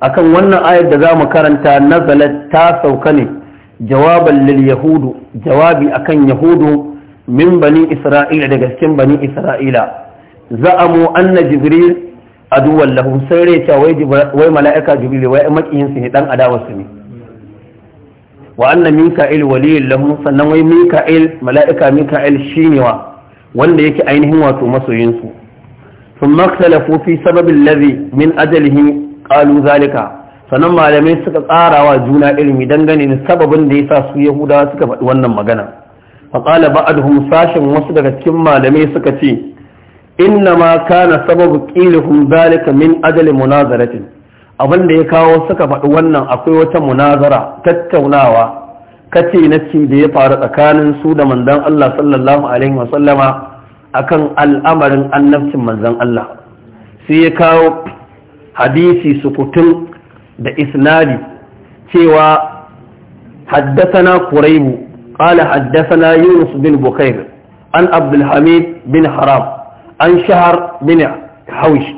akan wannan ayar da zamu karanta nazalat ta sauka ne jawaban lil yahudu jawabi akan yahudu min bani isra'ila daga cikin bani isra'ila za'amu anna jibril aduwan lahum sai rai cewa wai mala'ika jibril wai makiyin su ne dan adawar su ne wa anna mika'il waliyyin lahum sannan wai mika'il mala'ika mika'il shine wa wanda yake ainihin wato masoyin su ثم اختلفوا في سبب الذي min أجله قالوا sannan malamai suka tsarawa juna ilimi dangane ne sababin da ya sa su yahudawa suka faɗi wannan magana faqala ba'dhum sashin wasu daga cikin malamai suka ce inna ma kana sababu qilhum zalika min ajali munazaratin abinda ya kawo suka faɗi wannan akwai wata munazara tattaunawa kace na ci da ya faru tsakanin su da manzon Allah sallallahu alaihi wasallama akan al'amarin annabcin manzon Allah su ya kawo hadisi sukutun da isnadi cewa haddasana kuraibu قال haddasana yunus bin بكير an عبد الحميد بن حرام an shahar bin haush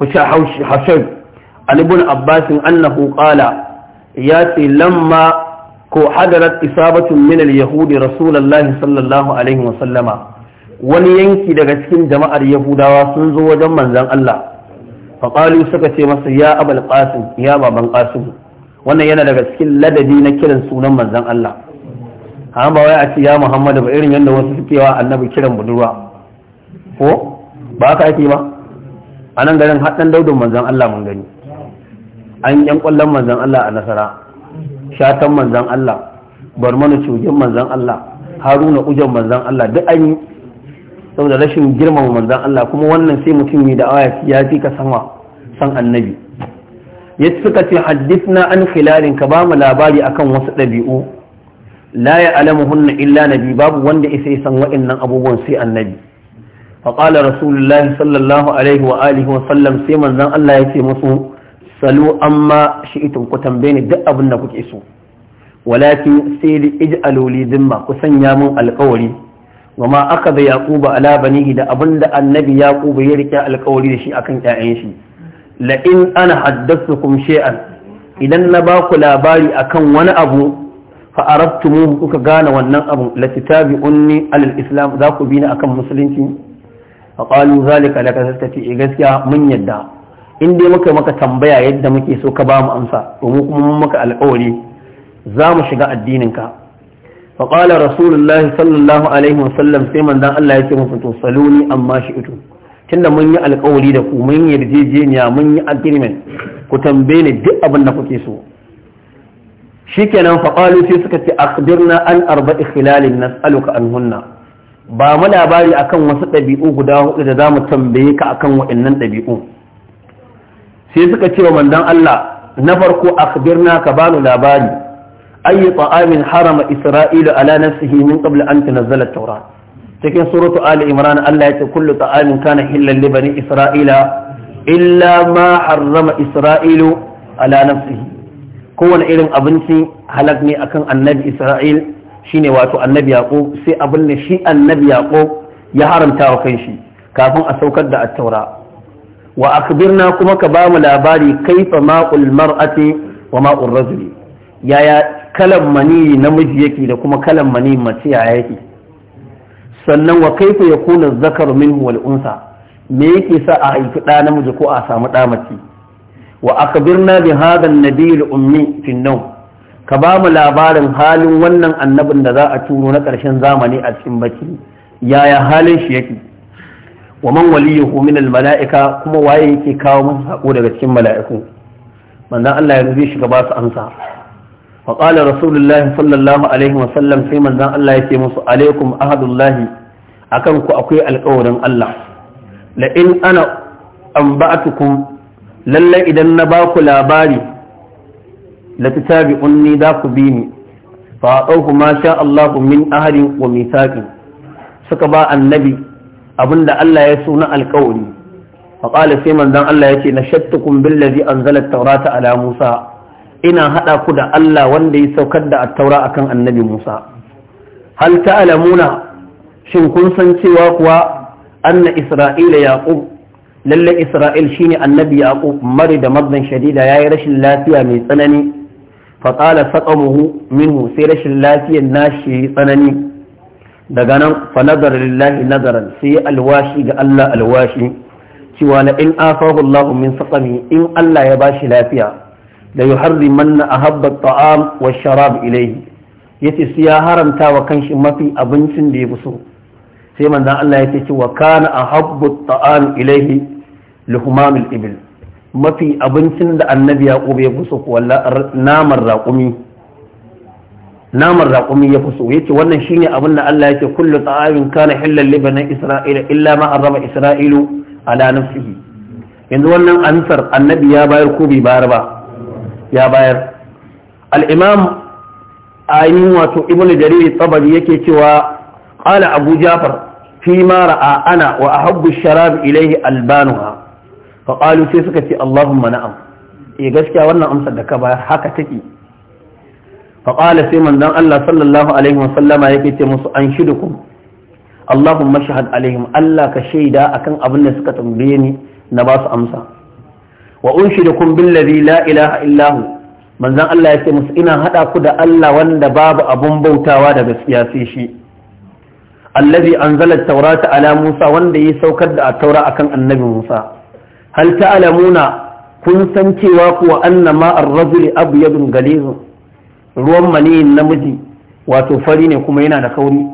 haush hashab an ibn abbas annahu qala ya ce lamma ko hadarat isabatun min al-yahudi rasulullahi sallallahu alaihi wa sallama wani yanki daga cikin jama'ar yahudawa sun zo wajen manzon Allah faƙalu suka ce masa ya abal qasim ya baban ƙasim wannan yana daga cikin ladabi na kiran sunan manzon Allah amma wai a ce ya Muhammadu ba irin yadda wasu suke wa annabi kiran budurwa ko ba ka ake ba a nan garin haɗin daudin manzan Allah mun gani an yan ƙwallon manzan Allah a nasara shatan manzan Allah barmana cugin manzan Allah haruna ujan manzan Allah duk an yi saboda rashin girmama manzan Allah kuma wannan sai mutum ne da awa ya fi ka sanwa san annabi ya suka ce haddithna an khilalin ka ba mu labari akan wasu ɗabi'u la ya hunna illa nabi babu wanda isa san waɗannan abubuwan sai annabi faƙalar rasulullahi sallallahu alaihi wa wa sallam sai manzan Allah ya ce musu salo amma shi'itun ku tambaye ni duk abin da kuke so walakin sai da ij'alu li dimma ku sanya min alƙawari wa aka da yaquba ala banihi da abun da annabi yaquba ya rike alƙawari da shi akan 'ya'yan shi la in ana haddathukum shay'an idan na baku labari akan wani abu fa arabtumuhu kuka gane wannan abu la titabi'unni alal islam za ku bi ni akan musulunci faƙalu zalika laka saskati e gaskiya mun yadda in dai muka maka tambaya yadda muke so ka ba mu amsa domin kuma mun maka alƙawari za mu shiga addinin ka fa rasulullah sallallahu alaihi wasallam sai manzon Allah ya ce mu to saluni amma ito tunda mun yi alƙawari da ku mun yarjejeniya mun yi agreement ku tambaye ni duk abin da kuke so shikenan faƙalu sai suka ce akhbirna an arba'i khilalin nas'aluka anhunna ba mu labari akan wasu ɗabi'u guda hudu da za mu tambaye ka akan waɗannan ɗabi'u sai suka ce wa mandan Allah na farko akhbirna ka bani labari ayi ta'amin harama isra'ilu ala nafsihi min qabla an tunzala at-taurat cikin suratu ali imran Allah ya ce kullu ta'amin kana hillan li bani isra'ila illa ma harrama isra'ilu ala nafsihi kowane irin abinci halak ne akan annabi isra'il shine wato annabi yaqub sai abin da shi annabi yaqub ya haramta wa kanshi kafin a saukar da attaura taura wa akbirna kuma ka ba mu labari kaifa ma'ul mar'ati wa ma'ul rajuli yaya kalan mani namiji yake da kuma kalan mani mace yaya yake sannan wa kaifa yakuna zakaru minhu wal unsa me yake sa a haifi ɗa namiji ko a samu ɗa mace wa akbirna bi hadha an-nabiyil ummi fi an-nawm ka ba mu labarin halin wannan annabin da za a turo na ƙarshen zamani a cikin baki yaya halin shi yake wa man waliyuhu min al mala'ika kuma waye yake kawo masa sako daga cikin mala'iku manzon Allah ya rubi shi ba su amsa wa qala rasulullah sallallahu alaihi wa sallam sai manzon Allah ya ce musu alaikum ahadullahi akan ku akwai alƙawarin Allah la in ana amba'atukum lalle idan na ba ku labari la za ku bi ni fa aqahu ma sha Allah min ahadin wa mithaqin suka ba annabi abinda Allah ya suna na alƙawari fa qala sai manzon Allah yace na shattukum billazi anzala at-taurata ala Musa ina hada ku da Allah wanda ya saukar da at-taura akan annabi Musa hal ta'lamuna shin kun san cewa kuwa anna isra'ila yaqub lalle isra'il shine annabi yaqub mari da marzan shadida yayi rashin lafiya mai tsanani faƙala saqamuhu minhu sai rashin lafiyar nashi tsanani daga nan fa nazar lillahi nazaran sai alwashi ga Allah alwashi cewa la in afahu Allah min saqami in Allah ya bashi lafiya da yuharrimanna ahabba at-ta'am wa sharab ilayhi yace sai ya haramta wa kanshi mafi abincin da ya fi so sai manzon Allah yake cewa kana ahabbu at-ta'am ilayhi luhmamul ibil mafi abincin da annabi yaqub ya fuso walla naman raƙumi raƙumi ya fuso yace wannan shine abin da Allah yake kullu ta'amin kana hillal li isra'ila illa ma isra'ilu ala nafsihi yanzu wannan ansar annabi ya bayar ko bai bayar ba ya bayar al-imam ainihin wato ibnu jarir tabari yake cewa qala abu jafar fi ma ra'a ana wa ahabbu sharab ilayhi albanuha faƙalu sai suka ce Allahumma na'am e gaskiya wannan amsar da ka ba haka take faƙala sai manzon Allah sallallahu alaihi wasallama yake ce musu an shidukum Allahumma shahad alaihim Allah ka shaida akan abin da suka tambaye ni na ba su amsa wa kum billazi la ilaha illa hu manzon Allah yake musu ina hada ku da Allah wanda babu abun bautawa da gaskiya sai shi allazi anzala at-taurata ala Musa wanda ya saukar da at-taura akan annabi Musa hal ta'lamuna kun san cewa kuwa annama ar-rajul abyadun galizun ruwan maniyin namiji wato fari ne kuma yana da kauri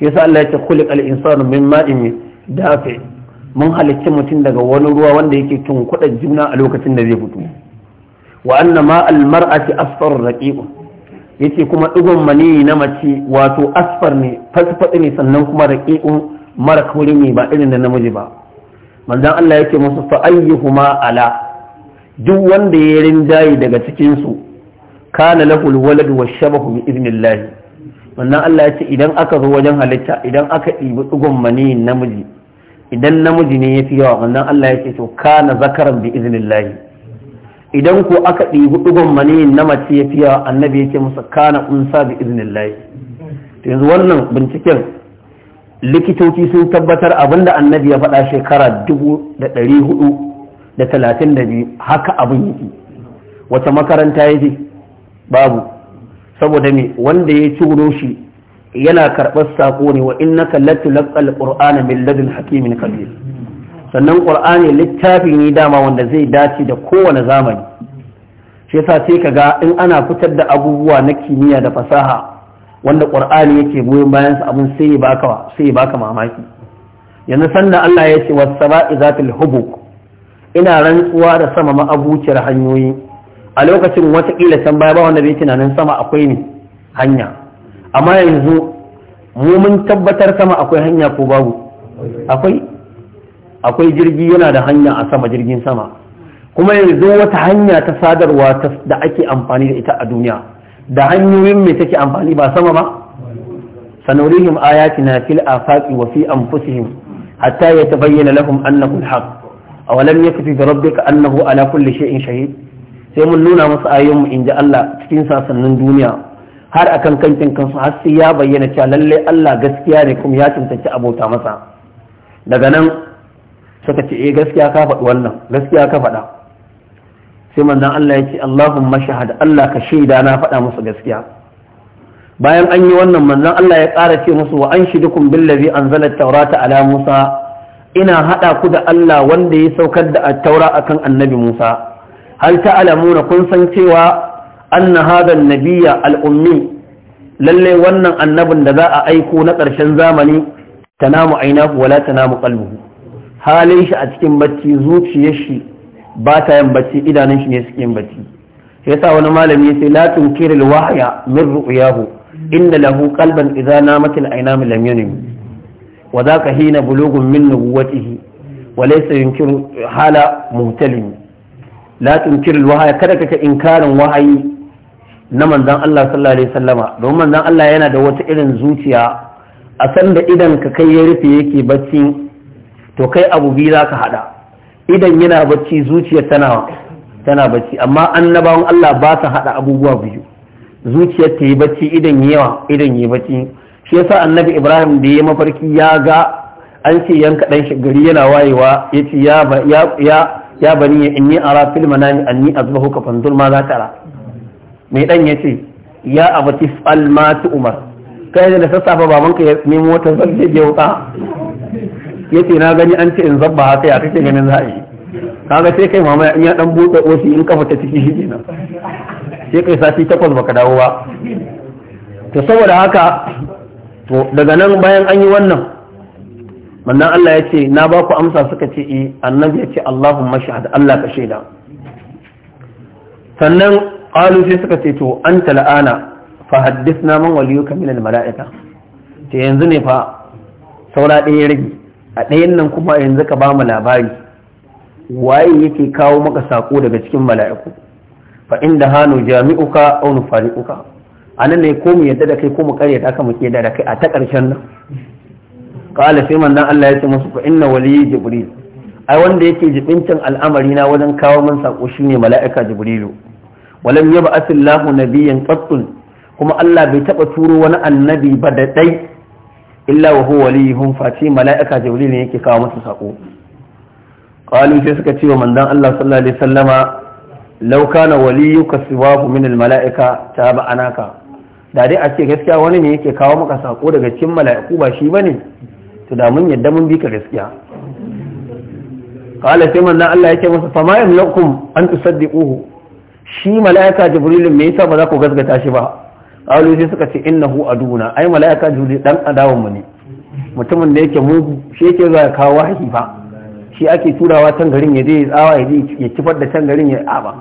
yasa Allah ya ce khuliqa al-insanu min ma'in mun halicci mutum daga wani ruwa wanda yake tunkuɗa juna a lokacin da zai fito wa annama al-mar'ati asfar raqiqun yace kuma digon maniyi na mace wato asfar ne fasfadi ne sannan kuma raqiqun mara kauri ne ba irin da namiji ba manzan Allah yake musu fa ayyuhuma ala duk wanda ya rinjaye daga cikin su kana lahul walad wa shabahu bi idnillah manzan Allah yace idan aka zo wajen halitta idan aka ɗibi tsugun mani namiji idan namiji ne ya fi yawa manzan Allah yace to kana zakaran bi idnillah idan ko aka ɗibi tsugun maniyin na mace ya fi yawa annabi ce musu kana unsa bi idnillah to yanzu wannan binciken likitoci sun tabbatar abin da annabi ya faɗa shekara 432 haka abin yake wata makaranta ya je babu saboda me wanda ya ciro shi yana karɓar saƙo ne wa innaka latulaqal qur'ana min ladun hakimin kabir sannan qur'ani littafi ne dama wanda zai dace da kowane zamani shi yasa sai ga in ana fitar da abubuwa na kimiyya da fasaha wanda ƙur'ani yake goyon bayan sa abin sai ya baka sai baka mamaki yanzu sannan Allah ya ce wasu, saba'i zatil hubuk ina rantsuwa da sama ma'abuciyar hanyoyi a lokacin watakila can baya ba wanda bai tunanin sama akwai ne hanya amma yanzu mu mun tabbatar sama akwai hanya ko babu akwai akwai jirgi yana da hanya a sama jirgin sama kuma yanzu wata hanya ta sadarwa da ake amfani da ita a duniya da hanyoyin mai take amfani ba sama ba sanurihim ayatina fil afaqi wa fi anfusihim hatta yatabayyana lahum annahu alhaq aw lam yakfi bi rabbika annahu ala kulli shay'in shahid sai mun nuna musu ayoyin mu ji Allah cikin sasannin duniya har akan kankin kansu har sai ya bayyana cewa lalle Allah gaskiya ne kuma ya tantance abota masa daga nan suka ce eh gaskiya ka faɗi wannan gaskiya ka faɗa sai manzan Allah ya ce Allahumma shahada Allah ka shaida na faɗa musu gaskiya bayan an yi wannan manzon Allah ya ƙara ce musu wa an shidukum billazi anzala taurata ala Musa ina haɗa ku da Allah wanda ya saukar da a akan annabi Musa hal ta'lamuna kun san cewa anna na hada nabiyya al-ummi wannan annabin da za a aiko na ƙarshen zamani tanamu ainahu wala tanamu qalbuhu halin shi a cikin bacci zuciyar shi ba ta yin bacci idanun shi ne suke yin bacci shi yasa wani malami ya ce la tunkiril wahya min ru'yahu inda lahu qalban idza namatil aynam lam yanim wa dhaka hina bulugun min nubuwatihi wa laysa yunkiru hala muhtalim la tunkiril wahya kada kake inkarin wahayi na manzon Allah sallallahu alaihi wasallama don manzon Allah yana da wata irin zuciya a san da idan ka kai ya rufe yake bacci to kai abu biyu za ka hada idan yana bacci zuciyar tana tana bacci amma annabawan Allah ba su hada abubuwa biyu zuciyar ta yi bacci idan yawa idan yi bacci shi yasa annabi Ibrahim da ya mafarki ya ga an ce yanka dan shi gari yana wayewa yace ya ya ya ya bani inni ara fil manami anni ka fanzur ma za tara mai dan yace ya abati fal ma tu umar kai da sassafa babanka ya nemo wata zan je wuta yace na gani an ce in zabba haka ya kake ganin za a yi kaga sai kai mama in ya dan buɗe osi in kafa ta ciki shi kenan sai kai sati takwas baka dawo ba to saboda haka to daga nan bayan an yi wannan wannan Allah ya ce na ba ku amsa suka ce eh annabi ya ce Allahumma shahad Allah ka shaida sannan qalu sai suka ce to anta la'ana fa haddithna man waliyuka min al mala'ika to yanzu ne fa saura ɗaya rage a ɗayan nan kuma yanzu ka bamu labari waye yake kawo maka sako daga cikin mala'iku fa inda hanu jami'uka aw nufariquka anan ne ko mu yadda da kai ko mu kare da ka mu ke da kai a ta ƙarshen nan qala sai manzon Allah ya ce musu fa inna waliyyi jibril ai wanda yake jibincin al'amari na wajen kawo min sako shine mala'ika jibrilu walam yab'athillahu nabiyyan qattun kuma Allah bai taba turo wani annabi ba da dai illa wa huwa waliyuhum fati mala'ika jibril ne yake kawo masa sako qalu sai suka ce wa manzon Allah sallallahu alaihi wasallama law kana waliyuka siwahu min al mala'ika da dai a ce gaskiya wani ne yake kawo maka sako daga cikin mala'iku ba shi bane to da mun yadda mun bi ka gaskiya qala sai manzon Allah yake masa fama yamlakum an tusaddiquhu shi mala'ika jibril me yasa ba za ku gaskata shi ba qalu sai suka ce innahu duna ai malaika jibril dan adawan mu ne mutumin da yake mugu shi yake zuwa kawo wahayi fa shi ake turawa can garin ya je ya tsawa ya je ya kifar da can garin ya aba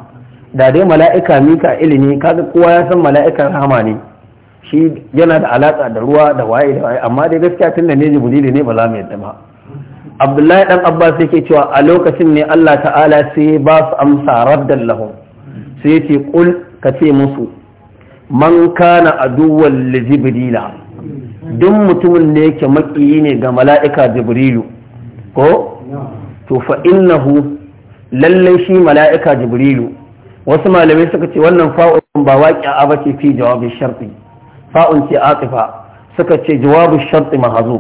da dai mala'ika mika ilimi kaga kowa ya san mala'ikan rahama ne shi yana da alaka da ruwa da waye da waye amma dai gaskiya tunda ne jibrilu ne ba za mu yadda ba abdullahi dan abbas yake cewa a lokacin ne allah ta'ala sai ba su amsa raddan lahum sai yace kul ka ce musu man kana aduwwan li jibrila duk mutumin ne yake makiyi ne ga mala'ika jibrilu ko to fa innahu lallai shi mala'ika jibrilu wasu malamai suka ce wannan fa'un ba a ba ce fi jawabin sharti fa'un ce atifa suka ce jawabin sharti mahazu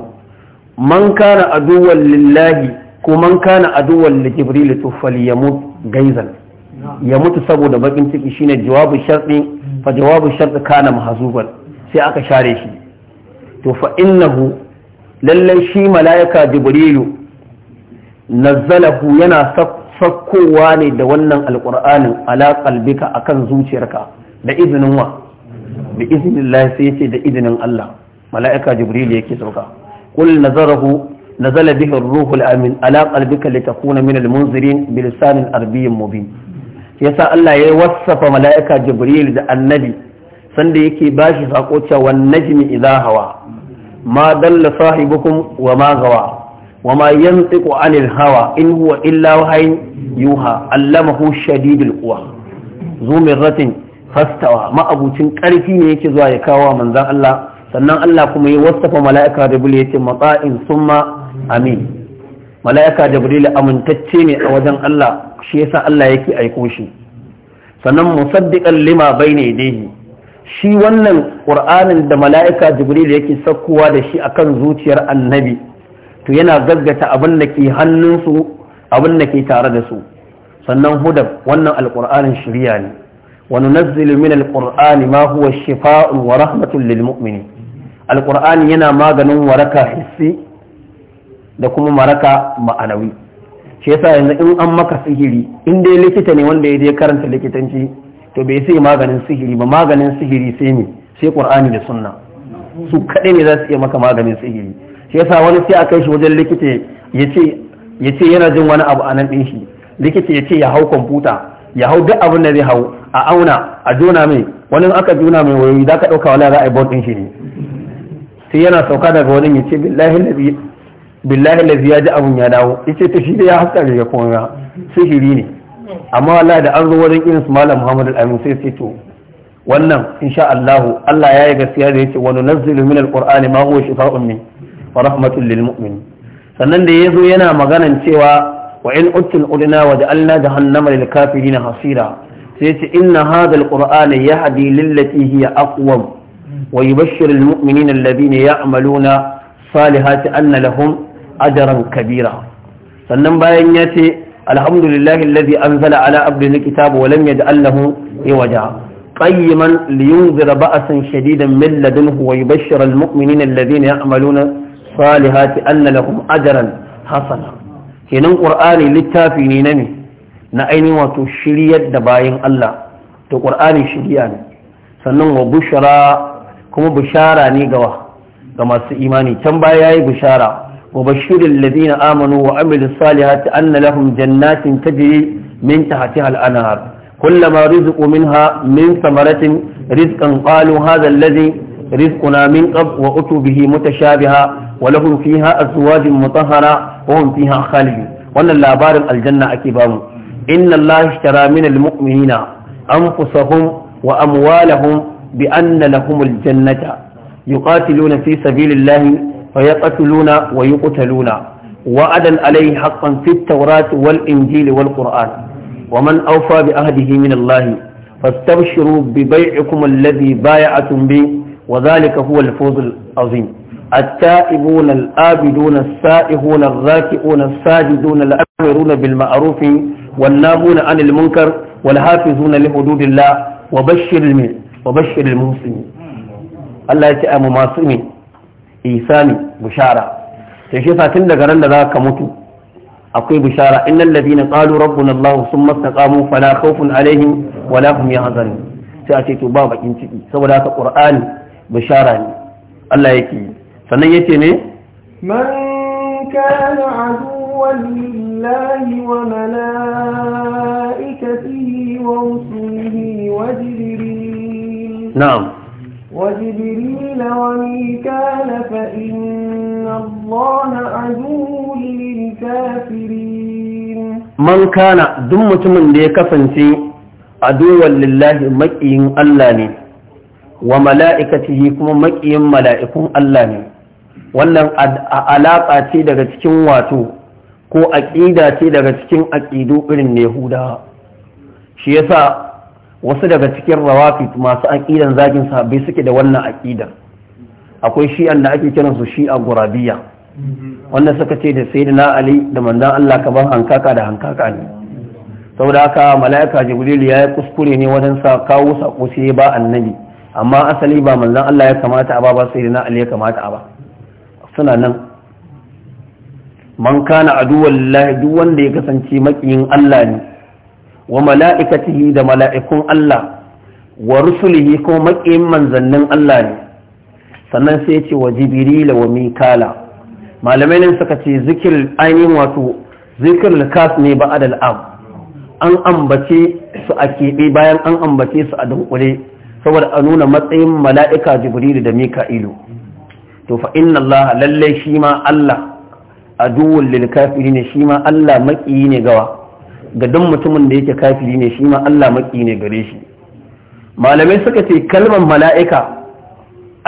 man kana aduwwan lillahi ko man kana aduwwan li jibrilu to falyamut gaizan ya mutu saboda bakin ciki shine jawabu sharɗi fa jawabu sharɗi kana mahzuban sai aka share shi to fa innahu lallai shi malaika jibrilu nazzalahu yana sakkowa ne da wannan alqur'anin ala qalbika akan zuciyarka da izinin wa bi iznillah sai yace da izinin Allah malaika jibrilu yake sauka kul nazarahu nazala bihi ar-ruhul amin ala qalbika litakuna min al-munzirin bi lisanin arabiyyin mubin yasa Allah ya wasafa mala'ika Jibril da annabi sanda yake bashi sako cewa najmi idha hawa ma dalla sahibukum wa ma gawa wa ma yantiqu anil hawa in huwa illa wahyin yuha allamahu shadidul quwa zu mirratin fastawa ma abucin karfi ne yake zuwa ya kawo manzon Allah sannan Allah kuma ya wasafa mala'ika Jibril yace mata'in summa amin mala'ika Jibril amintacce ne a wajen Allah shi yasa Allah yake aiko shi sannan musaddiqan lima ne yadayhi shi wannan qur'anin da mala'ika jibril yake sakkowa da shi akan zuciyar annabi to yana gaggata abin da ke hannunsu abin da ke tare da su sannan hudab wannan alqur'anin shiriya ne wa nunazzilu min alqur'ani ma huwa shifaa'un wa rahmatun lil mu'minin alqur'ani yana maganin waraka hissi da kuma maraka ma'anawi shi yasa yanzu in an maka sihiri in dai likita ne wanda ya je karanta likitanci to bai sai maganin sihiri ba maganin sihiri sai ne sai qur'ani da sunna su kaɗai ne za su iya maka maganin sihiri shi yasa wani sai a kai shi wajen likita ya ce yana jin wani abu a nan ɗin shi likita ya ce ya hau kwamfuta ya hau duk abin da zai hau a auna a jona mai wani aka jona mai wayoyi za ka ɗauka wani za a yi ɗin shi ne sai yana sauka daga wani ya ce billahi billahi lazi ya ji abun ya dawo yace ta shi da ya haska ga kuma sihiri ne amma wallahi da an zo wajen irin su malam Muhammad al-Amin sai sai to wannan insha Allah Allah ya yi gaskiya da yace wa nunzilu min al-Qur'ani ma huwa shifaa'un min wa rahmatun lil sannan da yazo yana maganan cewa wa in uttil udna wa ja'alna jahannama lil kafirin hasira sai yace inna hadha al-Qur'ana yahdi lillati hiya aqwam wa yubashshiru al-mu'minina alladhina ya'maluna salihati anna lahum ajaran kabira sannan bayan ya ce alhamdulillah alladhi anzala ala abdihi alkitaba wa lam yaj'al lahu iwaja qayyiman liyunzira ba'san shadidan min ladunhu wa yubashshira almu'minina alladhina ya'maluna salihati anna lahum ajran hasana kenan qur'ani littafi ne ne na ainihin wato shiryar da bayan Allah to qur'ani shiriya ne sannan wa bushara kuma bushara ne gawa ga masu imani can baya yayi bushara وبشر الذين آمنوا وعملوا الصالحات أن لهم جنات تجري من تحتها الأنهار كلما رزقوا منها من ثمرة رزقا قالوا هذا الذي رزقنا من قبل وأتوا به متشابها ولهم فيها أزواج مطهرة وهم فيها خالدون وأن اللابار الجنة أكبر إن الله اشترى من المؤمنين أنفسهم وأموالهم بأن لهم الجنة يقاتلون في سبيل الله fa yaqtuluna wa yuqtaluna وعدا عليه حقا في التوراة والإنجيل والقرآن ومن أوفى بأهده من الله فاستبشروا ببيعكم الذي بايعتم به وذلك هو الفوز العظيم التائبون الآبدون السائحون الراكئون الساجدون الأمرون بالمعروف والنابون عن المنكر والحافظون لحدود الله وبشر المين وبشر المسلمين الله يتأم ما سمين isani bushara Yaushe shi satin daga ran da za ka mutu akwai bushara innal ladina qalu rabbuna sun summa istaqamu fana khawfun alaihim wala hum yahzanun sai a ce to ba bakin ciki saboda haka ƙur'ani bushara ne Allah yake sannan yace ne man kana aduwwan lillahi wa malaikatihi wa rusulihi wa jibril na'am وجبريل وميكال فإن الله عدو للكافرين من كان دمة من ليكفنتي عدوا لله مكين اللاني وملائكته كم مكين ملائكم اللاني wannan alaƙa ce daga cikin wato ko aƙida ce daga cikin aƙidu irin ne huda shi yasa wasu daga cikin rawafit masu aƙidan zagin sahabbai suke da wannan aƙidar akwai shi'an da ake kiransu shi'a gurabiya wanda suka ce da na ali da manzan Allah kaman hankaka da hankaka ne saboda haka mala'ika jibril ya yi kuskure ne wajen sa kawo sako sai ba annabi amma asali ba manzan Allah ya kamata a ba ba na ali ya kamata a ba suna nan man kana lillahi duk wanda ya kasance makiyin Allah ne wa mala'ikatihi da mala'ikun Allah wa rusulihi kuma maƙiyin manzannin Allah ne sannan sai ce wa jibrila wa mikala malamai nan suka ce zikir ainihin wato zikir likas ne ba adal am an ambace su a keɓe bayan an ambace su a dunkule saboda a nuna matsayin mala'ika jibrilu da mika'ilu to fa inna Allah lallai shi ma Allah aduwwul lil ne shi ma Allah maƙiyi ne gawa ga don mutumin da yake kafiri ne shi ma Allah maki ne gare shi malamai suka ce kalmar mala'ika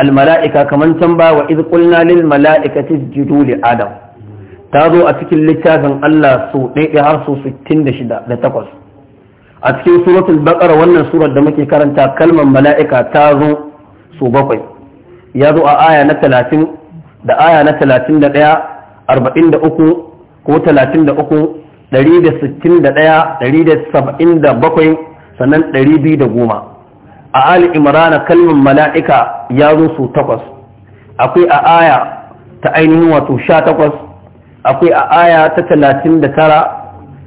almala'ika kamar can ba wa iz qulna lil mala'ikati isjudu li adam ta zo a cikin littafin Allah su ɗaya har su 66 da takwas a cikin suratul baqara wannan surar da muke karanta kalmar mala'ika ta zo su bakwai ya zo a aya na 30 da aya na 31 43 ko 33 161 sannan 210 a ali imrana kalmin mala'ika ya zo su takwas akwai a aya ta ainihin wato sha takwas akwai a aya ta talatin da tara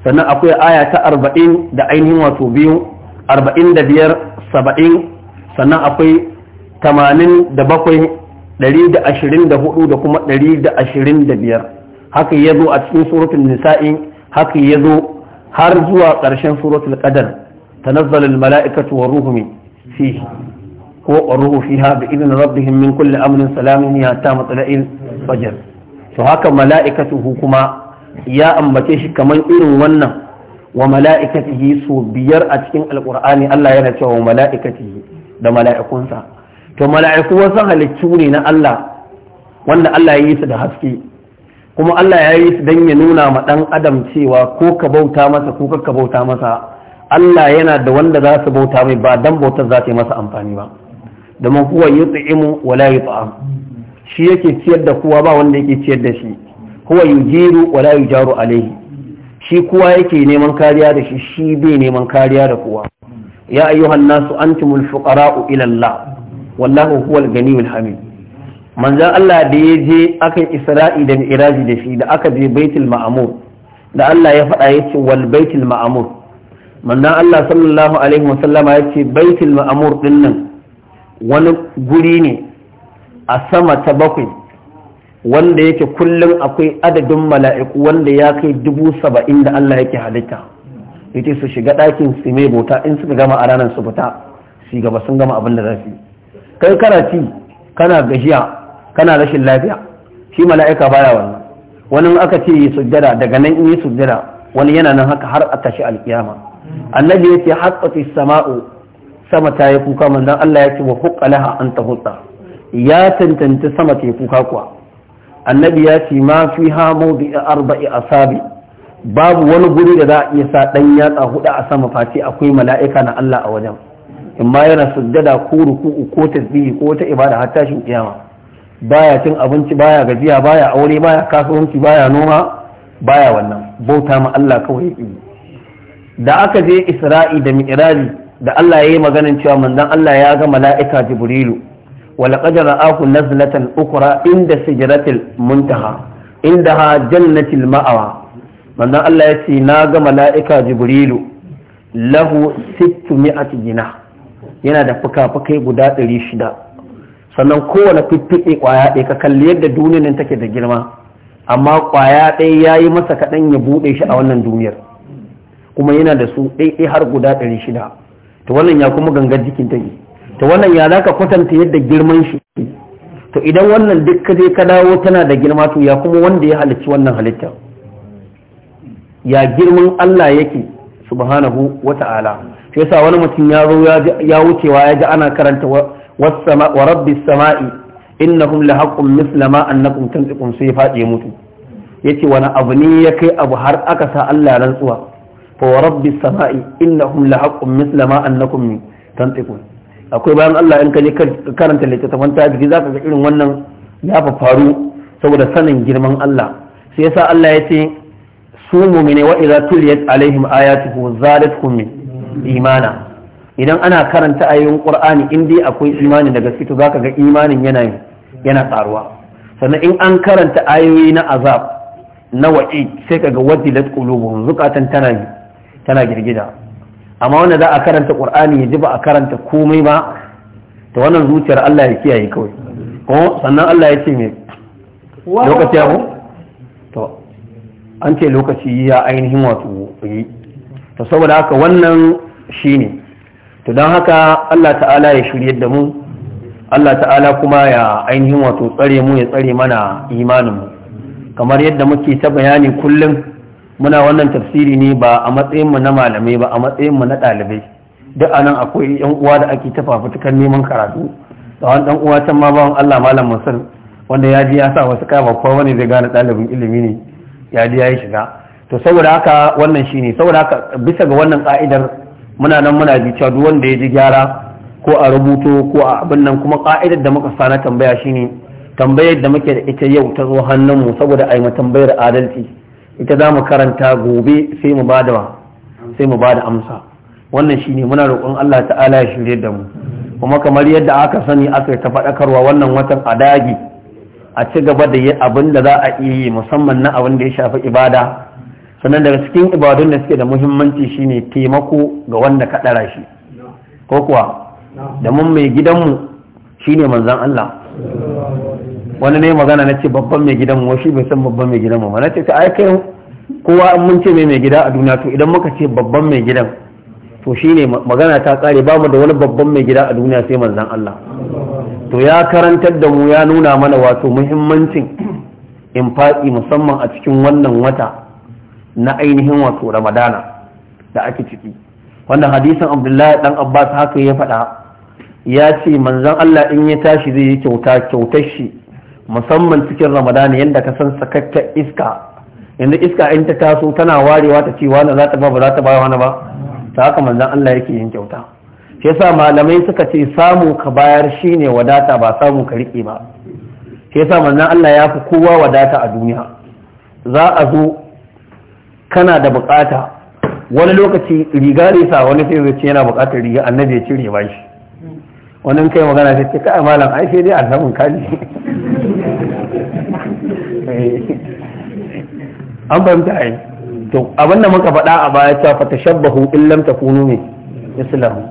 sannan akwai a aya ta arba'in da ainihin wato biyu arba'in da biyar saba'in sannan akwai tamanin da bakwai ɗari da ashirin da hudu da kuma ɗari da ashirin da biyar haka ya zo a cikin surutun nisa'i haka ya zo har zuwa ƙarshen suratul qadar tanazzal al mala'ikatu wa ruhu min fihi ko ruhu fiha bi idni rabbihim min kulli amrin salamin ya ta matla'il fajr to haka mala'ikatu kuma ya ambace shi kamar irin wannan wa mala'ikatihi su biyar a cikin alqur'ani Allah yana cewa mala'ikatihi da mala'ikunsa to mala'iku wasu halittu ne na Allah wanda Allah ya yi su da haske kuma Allah ya yi su don ya nuna ma ɗan adam cewa ko ka bauta masa ko ka bauta masa Allah yana da wanda za su bauta mai ba dan bautar za ta yi masa amfani ba domin yi tsa'imu wa la yut'am shi yake ciyar da kowa ba wanda yake ciyar da shi yi jiru wa la yujaru alaihi shi kowa yake neman kariya da shi shi bai neman kariya da kowa ya ayyuhan nasu antumul fuqara'u ila Allah wallahu huwal ganiyul hamid manzan Allah da ya je aka yi isra'i da iraji da shi da aka je baitul ma'amur da Allah ya faɗa ya ce wal baitul ma'amur manzan Allah sallallahu alaihi wa sallama ya ce baitul ma'amur din nan wani guri ne a sama ta bakwai wanda yake kullum akwai adadin mala'iku wanda ya kai dubu saba'in da Allah yake halitta yace su shiga ɗakin su mai bauta in suka gama a ranar su fita su gaba sun gama abin da za su yi kai karati kana gajiya kana rashin lafiya shi mala'ika baya wannan wani aka ce yi sujjada daga nan in yi sujjada wani yana nan haka har a tashi alkiyama annabi yace haqqati sama'u sama ta yi kuka manzon Allah yace wa huqqalaha an tahutta ya tantance sama ta yi kuka kuwa annabi ya ce ma fiha mawdi'u arba'i asabi babu wani guri da za a iya sa dan yatsa hudu a sama face akwai mala'ika na Allah a wajen in ma yana sujjada ko ruku'u ko tasbihi ko ta ibada har tashin kiyama baya cin abinci baya gajiya baya aure baya kasuwanci baya noma baya wannan bauta ma Allah kawai yake da aka je Isra'i da Mi'raji da Allah yayi maganin cewa manzon Allah ya ga mala'ika Jibrilu wa laqad ra'ahu nazlatan ukra inda sijratil muntaha ha jannatil ma'awa manzon Allah ya ce na ga mala'ika Jibrilu lahu 600 jina yana da fuka-fukai guda 600 sannan kowane fiffiɗe ƙwaya ɗaya ka kalli yadda duniyar nan take da girma amma ƙwaya ɗaya ya yi masa kaɗan ya buɗe shi a wannan duniyar kuma yana da su ɗaiɗai har guda ɗari shida to wannan ya kuma gangar jikin ta to wannan ya za ka kwatanta yadda girman shi to idan wannan duk ka je ka dawo tana da girma to ya kuma wanda ya halicci wannan halitta ya girman Allah yake subhanahu wata'ala shi yasa wani mutum ya zo ya wucewa ya ji ana karanta wa rabbis sama'i innahum lahaqqun misla ma annakum tantiqun sai faɗi mutu yace wani abu ne ya kai abu har aka sa Allah rantsuwa fa wa sama'i akwai bayan Allah in ka je karanta littattafan tajiri zaka ga irin wannan ya fa faru saboda sanin girman Allah sai yasa Allah ya ce su mu'mine wa idza tuliyat alaihim ayatuhu zadatkum imana idan ana karanta ayoyin qur'ani in dai akwai imani daga gaske to zaka ga imanin yana yana tsaruwa sannan in an karanta ayoyi na azab na wa'i sai kaga wajilat qulubuhum zukatan tana tana girgida amma wanda za a karanta qur'ani ya ji ba a karanta komai ba to wannan zuciyar Allah ya kiyaye kawai ko sannan Allah ya ce me lokaci ya to an ce lokaci ya ainihin wato to saboda haka wannan shine to don haka Allah ta'ala ya shirye da mu Allah ta'ala kuma ya ainihin wato tsare mu ya tsare mana imanin mu kamar yadda muke ta bayani kullum muna wannan tafsiri ne ba a matsayin mu na malamai ba a matsayin na ɗalibai duk anan akwai yan uwa da ake ta fafutukan neman karatu da wani dan uwa can ma wani Allah malam musul wanda ya ji ya sa wasu kama ko wani zai gane ɗalibin ilimi ne ya ji ya yi shiga to saboda haka wannan shine saboda haka bisa ga wannan ka'idar muna nan muna ji cewa duk wanda ya ji gyara ko a rubuto ko a abin nan kuma ka'idar da muka sa na tambaya shine tambayar da muke da ita yau ta zo hannunmu saboda a yi tambayar adalci ita za mu karanta gobe sai mu bada sai mu bada amsa wannan shine muna roƙon Allah ta'ala ya shirye da mu kuma kamar yadda aka sani aka ta faɗakarwa wannan watan a dagi a ci gaba da yin abin da za a iya yi musamman na abin da ya shafi ibada sannan daga cikin ibadun da suke da muhimmanci shine taimako ga wanda ka ɗara shi ko kuwa da mun mai gidanmu shine manzan Allah wani ne magana na ce babban mai gidanmu shi bai san babban mai gidanmu ba na ce ka yau kowa mun ce mai mai gida a duniya to idan muka ce babban mai gidan to shine magana ta kare ba mu da wani babban mai gida a duniya sai manzan Allah to ya karantar da mu ya nuna mana wato muhimmancin infaɗi musamman a cikin wannan wata na ainihin wato ramadana da ake ciki wannan hadisin abdullahi dan abbas haka ya faɗa ya ce manzan allah in ya tashi zai yi kyauta kyautar shi musamman cikin ramadana yadda ka san sakakken iska yanzu iska in ta taso tana warewa ta ce wani za ta ba ba za ta ba wani ba ta haka manzon allah yake yin kyauta shi yasa malamai suka ce samu ka bayar shine wadata ba samu ka riƙe ba shi yasa manzon allah ya fi kowa wadata a duniya za a zo kana da bukata wani lokaci riga ne sa wani sai zai ce yana bukatar riga annabi ya cire ba shi wannan kai magana sai ce kai malam ai sai dai annabin kaji an fahimta ai to abin da muka faɗa a baya cewa fa tashabbahu in lam takunu min islam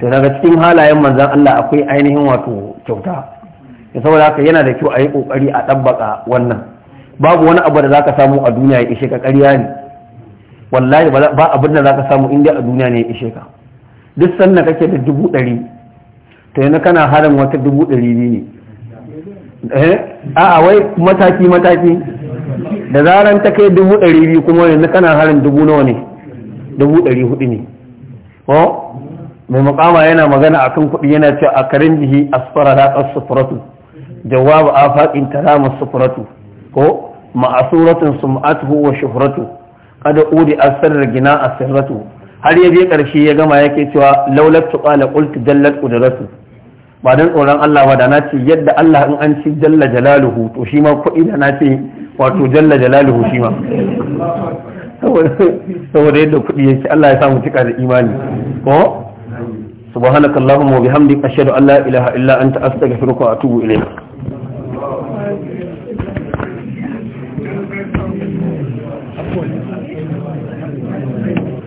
to daga cikin halayen manzon Allah akwai ainihin wato kyauta saboda haka yana da kyau a yi kokari a ɗabbaka wannan babu wani abu da zaka samu a duniya ya ishe ka ƙarya ne wallahi ba abin da zaka samu inda a duniya ne ya ishe ka duk sannan kake da dubu ɗari to yana kana harin wata dubu ɗari biyu ne eh? a'a wai mataki mataki da zaran ta kai dubu ɗari biyu kuma yanzu kana harin dubu nawa ne dubu ɗari hudu ne ko mai makama yana magana a kan kuɗi yana cewa a karin jihi asfara laƙar sufuratu jawabu a faƙin tara sufuratu ko ma'asuratun sum'atuhu wa shuhuratu kada uri asarra gina asirratu har ya je karshe ya gama yake cewa laulat tuqala qult dallat qudratu ba dan tsoron Allah ba da na ce yadda Allah in an ci jalla jalaluhu to shi ma kuɗi da na ce wato jalla jalaluhu shi ma saboda yadda kuɗi yake Allah ya samu cika da imani ko subhanakallahumma wa bihamdika ashhadu an la ilaha illa anta astaghfiruka wa atubu ilayk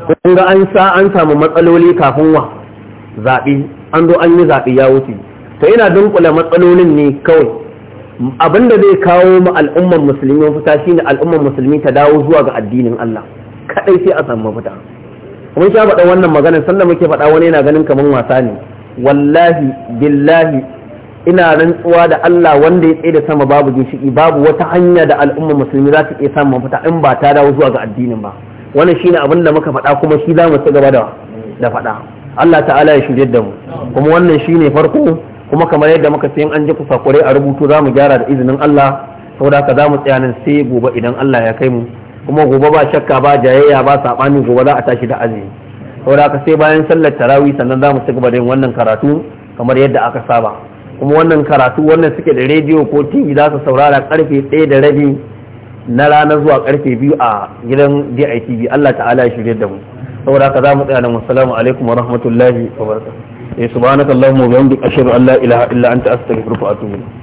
kun an sa an samu matsaloli kafin wa zaɓi an zo an yi zaɓe ya wuce to ina dunkule matsalolin ne kawai abin da zai kawo mu al'ummar musulmi shi ne al'ummar musulmi ta dawo zuwa ga addinin Allah Kaɗai sai a samu mafita mun sha faɗa wannan magana sannan muke faɗa wani yana ganin kamar wasa ne wallahi billahi ina rantsuwa da Allah wanda ya tsaye da sama babu ginshiki babu wata hanya da al'ummar musulmi za ta iya samun mafita in ba ta dawo zuwa ga addinin ba wannan shine abin da muka faɗa kuma shi za mu ci gaba da da faɗa Allah ta'ala ya shirye da mu kuma wannan shine farko kuma kamar yadda muka sayin in an ji kusakure a rubutu za mu gyara da izinin Allah saboda haka za mu tsaya nan sai gobe idan Allah ya kai mu kuma gobe ba shakka ba jayayya ba sabani gobe za a tashi da azumi saboda haka sai bayan sallar tarawih sannan za mu ci gaba da yin wannan karatu kamar yadda aka saba kuma wannan karatu wannan suke da rediyo ko tv za su saurara karfe 1 da rabi na rana zuwa karfe biyu a gidan DITV Allah ta'ala ya shirye da mu saboda haka za mu tsaya nan assalamu alaikum wa rahmatullahi wa barakatuh eh, subhanakallahumma wa bihamdika ashhadu an la ilaha illa anta astaghfiruka wa atubu ilayk